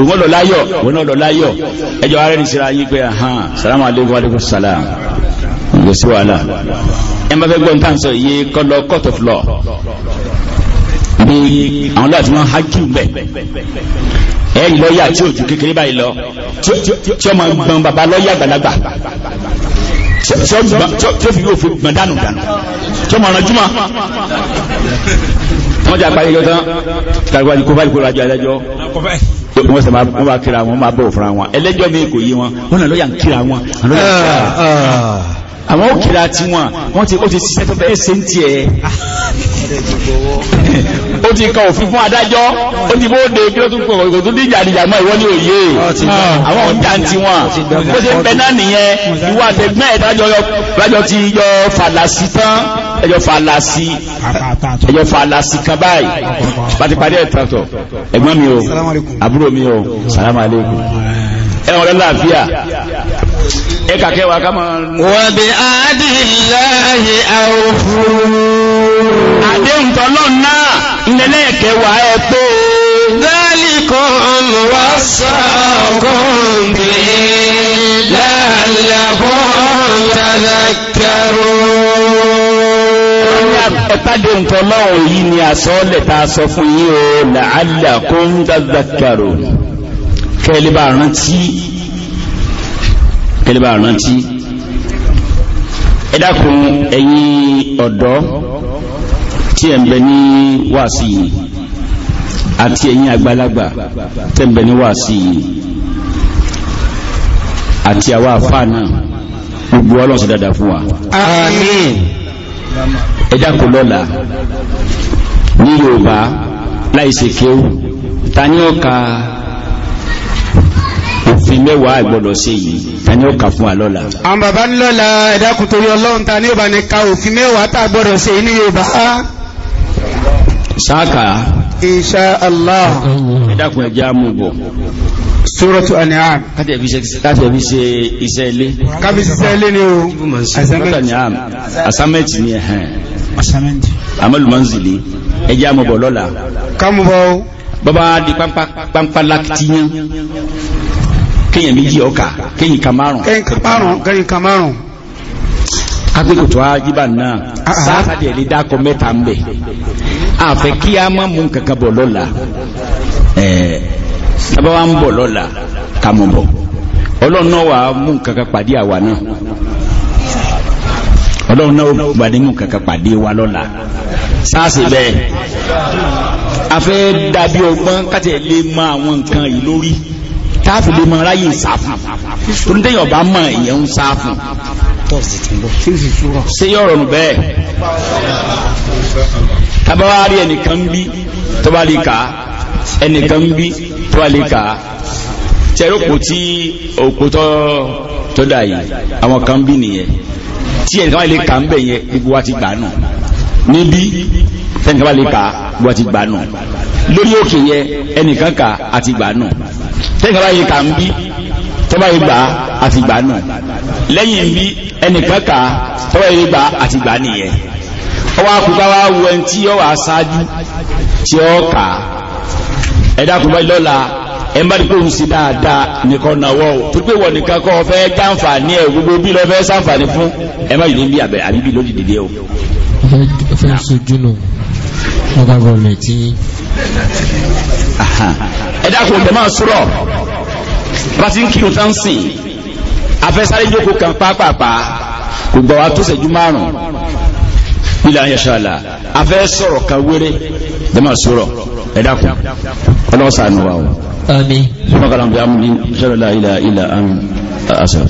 òun lọ láyọ̀ òun lọ láyọ̀ ẹjọ́ arẹ́rìnsíra yí pé sàlámù alaikum alaikum sàlámù ìgbésí wàhálà ẹ máa fẹ́ gbọ́n tá à ń sọ court of law bí àwọn lọ́wọ́ àti wọn hajj bẹ̀ ẹ lọ́ọ̀yà tí òjò kékeré báyìí lọ tí ọmọ gbọ́n bàbá lọ́ọ̀yà àgbàlagbà tí ó fi yóò fi gbọ́n dànù dànù tí ọmọ ọ̀ràn júmọ́ wọ́n jà parí yọtán kàríwájú kó báyìí kó rájú adájọ́ wọ́n sẹ̀ máa kíra wọn máa bọ̀ fúnra wọn ẹlẹ́jọ́ mi kò yé wọn wọ́n náà lọ́ọ̀yà ń kíra wọn àwọn òkèrà tí wọn wọ́n ti ṣiṣẹ́ tó bẹ́ẹ̀ ṣe ń tiẹ̀ ó ti kọ òfin fún adájọ́ ó ti bóde kí ló tún kọ tó díjà àdìjà mọ́ ìwọ́n ní òye àwọn òǹjà ń ti wọn bó ṣe bẹ náà nìyẹn ìwà àtẹgbẹ́ ẹ̀ ti yọ fàlàsì tán ẹjọ́ fàlàsì ẹjọ́ fàlàsì kan báyìí bàtí parí ẹ̀ tàtọ̀ ẹ̀gbọ́n mi o àbúrò mi o sàlámù alaykum ẹ̀wọ̀n lọ́la ẹka kẹwàá ká máa rú. wọ́n bí adìláyé àwòfú. àdéhùn tọ́lọ́ náà nílẹ̀ kẹwàá ẹ pé. dálìkan wá sọ́kàn bí lálàbọ̀ tàdákàrò. ẹ̀tàdéhùn tọ́lọ́ yìí ni àsọ́ọ́lẹ̀ tá sọ fún yín o làálàkún tàdákàrò. kẹ́lẹ́ bá rántí kẹlẹ́bà rántí ẹ dákun ẹ̀yin ọ̀dọ́ tí ẹ̀ ń bẹ ní wàásì yìí àti ẹ̀yin àgbàlagbà tẹ́ ń bẹ ní wàásì yìí àti àwa àfáà náà gbogbo ọlọ́sẹ̀ dáadáa fún wa. àmín. lọ́la ní yorùbá láìsèkéwù ta ní ọ̀ka òfin mẹ́wàá àgbọ̀dọ̀ ṣe yìí ta ni ó kà fún wa lọ́la. àwọn ń lọ́la ẹ̀dákun torí ọlọ́run ta ni ó bá ní ka òfin mẹ́wàá tá a gbọ́dọ̀ ṣe ní yorùbá. sáàkà. insha allah. ẹ̀dákun ẹ̀jẹ̀ á mú bọ̀. Súrọ̀tù An'am. ṣe iṣẹ́ ilé. Káfíẹ̀ ṣiṣẹ́ ilé ni o. Súrọ̀tù An'am. Asámẹ́tì ni ẹ̀hẹ̀n. Asámẹ́tì. Amẹ́lù Manzili. Ẹjẹ́ amọ̀bọ̀ lọ́la. Kámọ̀bọ̀ o. Bọ́bá di pápá lákìtì yán kéèyàn méjì ọkà kéèyàn kan márùn. kéèyàn kan márùn kéèyàn kan márùn. agbègbè tó ajíbà náà ah, ah. sáàkàdì ẹ̀lẹ́ dákọ mẹ́ta ń bẹ̀ àfẹ́ kí a má mú kankan bọ̀ lọ́la ẹ̀ẹ́ sábà wa ń bọ̀ lọ́la ká mọ̀ bọ̀ ọlọ́run náà wà á mú kankan pàdé àwa náà ọlọ́run náà wà ní mú kankan pàdé wa lọ́la sáàsì bẹ́ẹ̀ afẹ́ dàbí ọgbọ́n káti lè mọ àwọn nǹkan yìí lórí táàfù lè mọ ráyè sáfù tó ní tẹ́yìn ọba mọ̀ èèyàn ń sáfù ṣé yọ ọ̀rọ̀ nù bẹ́ẹ̀ tábàwá rí ẹnìkan bí tó bá lè kà á ẹnìkan bí tó bá lè kà á tẹ̀rọ kò tí òkú tó dà yìí àwọn kan bí nìyẹn tí ẹnìkan bá lè kà ń bẹ̀ yẹn gbogbo wa ti gbà nù níbí tẹ́nìkan bá lè kà gbogbo wa ti gbà nù lórí òkè yẹ ẹnìkan kà àti ìgbà náà tẹ́gbàrá yìí kà ń bí tọ́bá yìí gbà àti ìgbà náà lẹ́yìn bí ẹnìkan kà tọ́bá yìí gbà àti ìgbà nìyẹn ọwọ́ akùnká wa wọ ẹni tí ọ wà ṣáájú tí ọ kà ẹ̀dá kùnbá lọ́la ẹ̀ ń bá dípò ń ṣe dáadáa nìkan náwó o tó pé wọ́n nìkan kọ́ ọ fẹ́ jàǹfààní ẹ̀ gbogbo bí lọ́ fẹ́ sàǹfààní fún ẹ̀ má yìí ní bí àbẹ̀ àbíbí lódìdí dé o. ẹ fẹ́ sojú nù ọba gọọmenti ẹ̀dá kò tẹ̀ máa sọ̀rọ̀ bá ti ń kírun tán sìn afẹ́sáré jókòó kan pápápá kò gbà wá tó ṣẹ́jú márùn-ún nílẹ̀ ayẹ̀ṣọ́lá afẹ́ sọ̀rọ̀ kan wéré tẹ̀ máa sọ̀rọ̀ ẹ̀dá kò ọlọ́sàn wa o. àmín. sọ́kàlà ń bẹ amúlí ṣẹlẹ̀ ilà ilà àmì àṣà.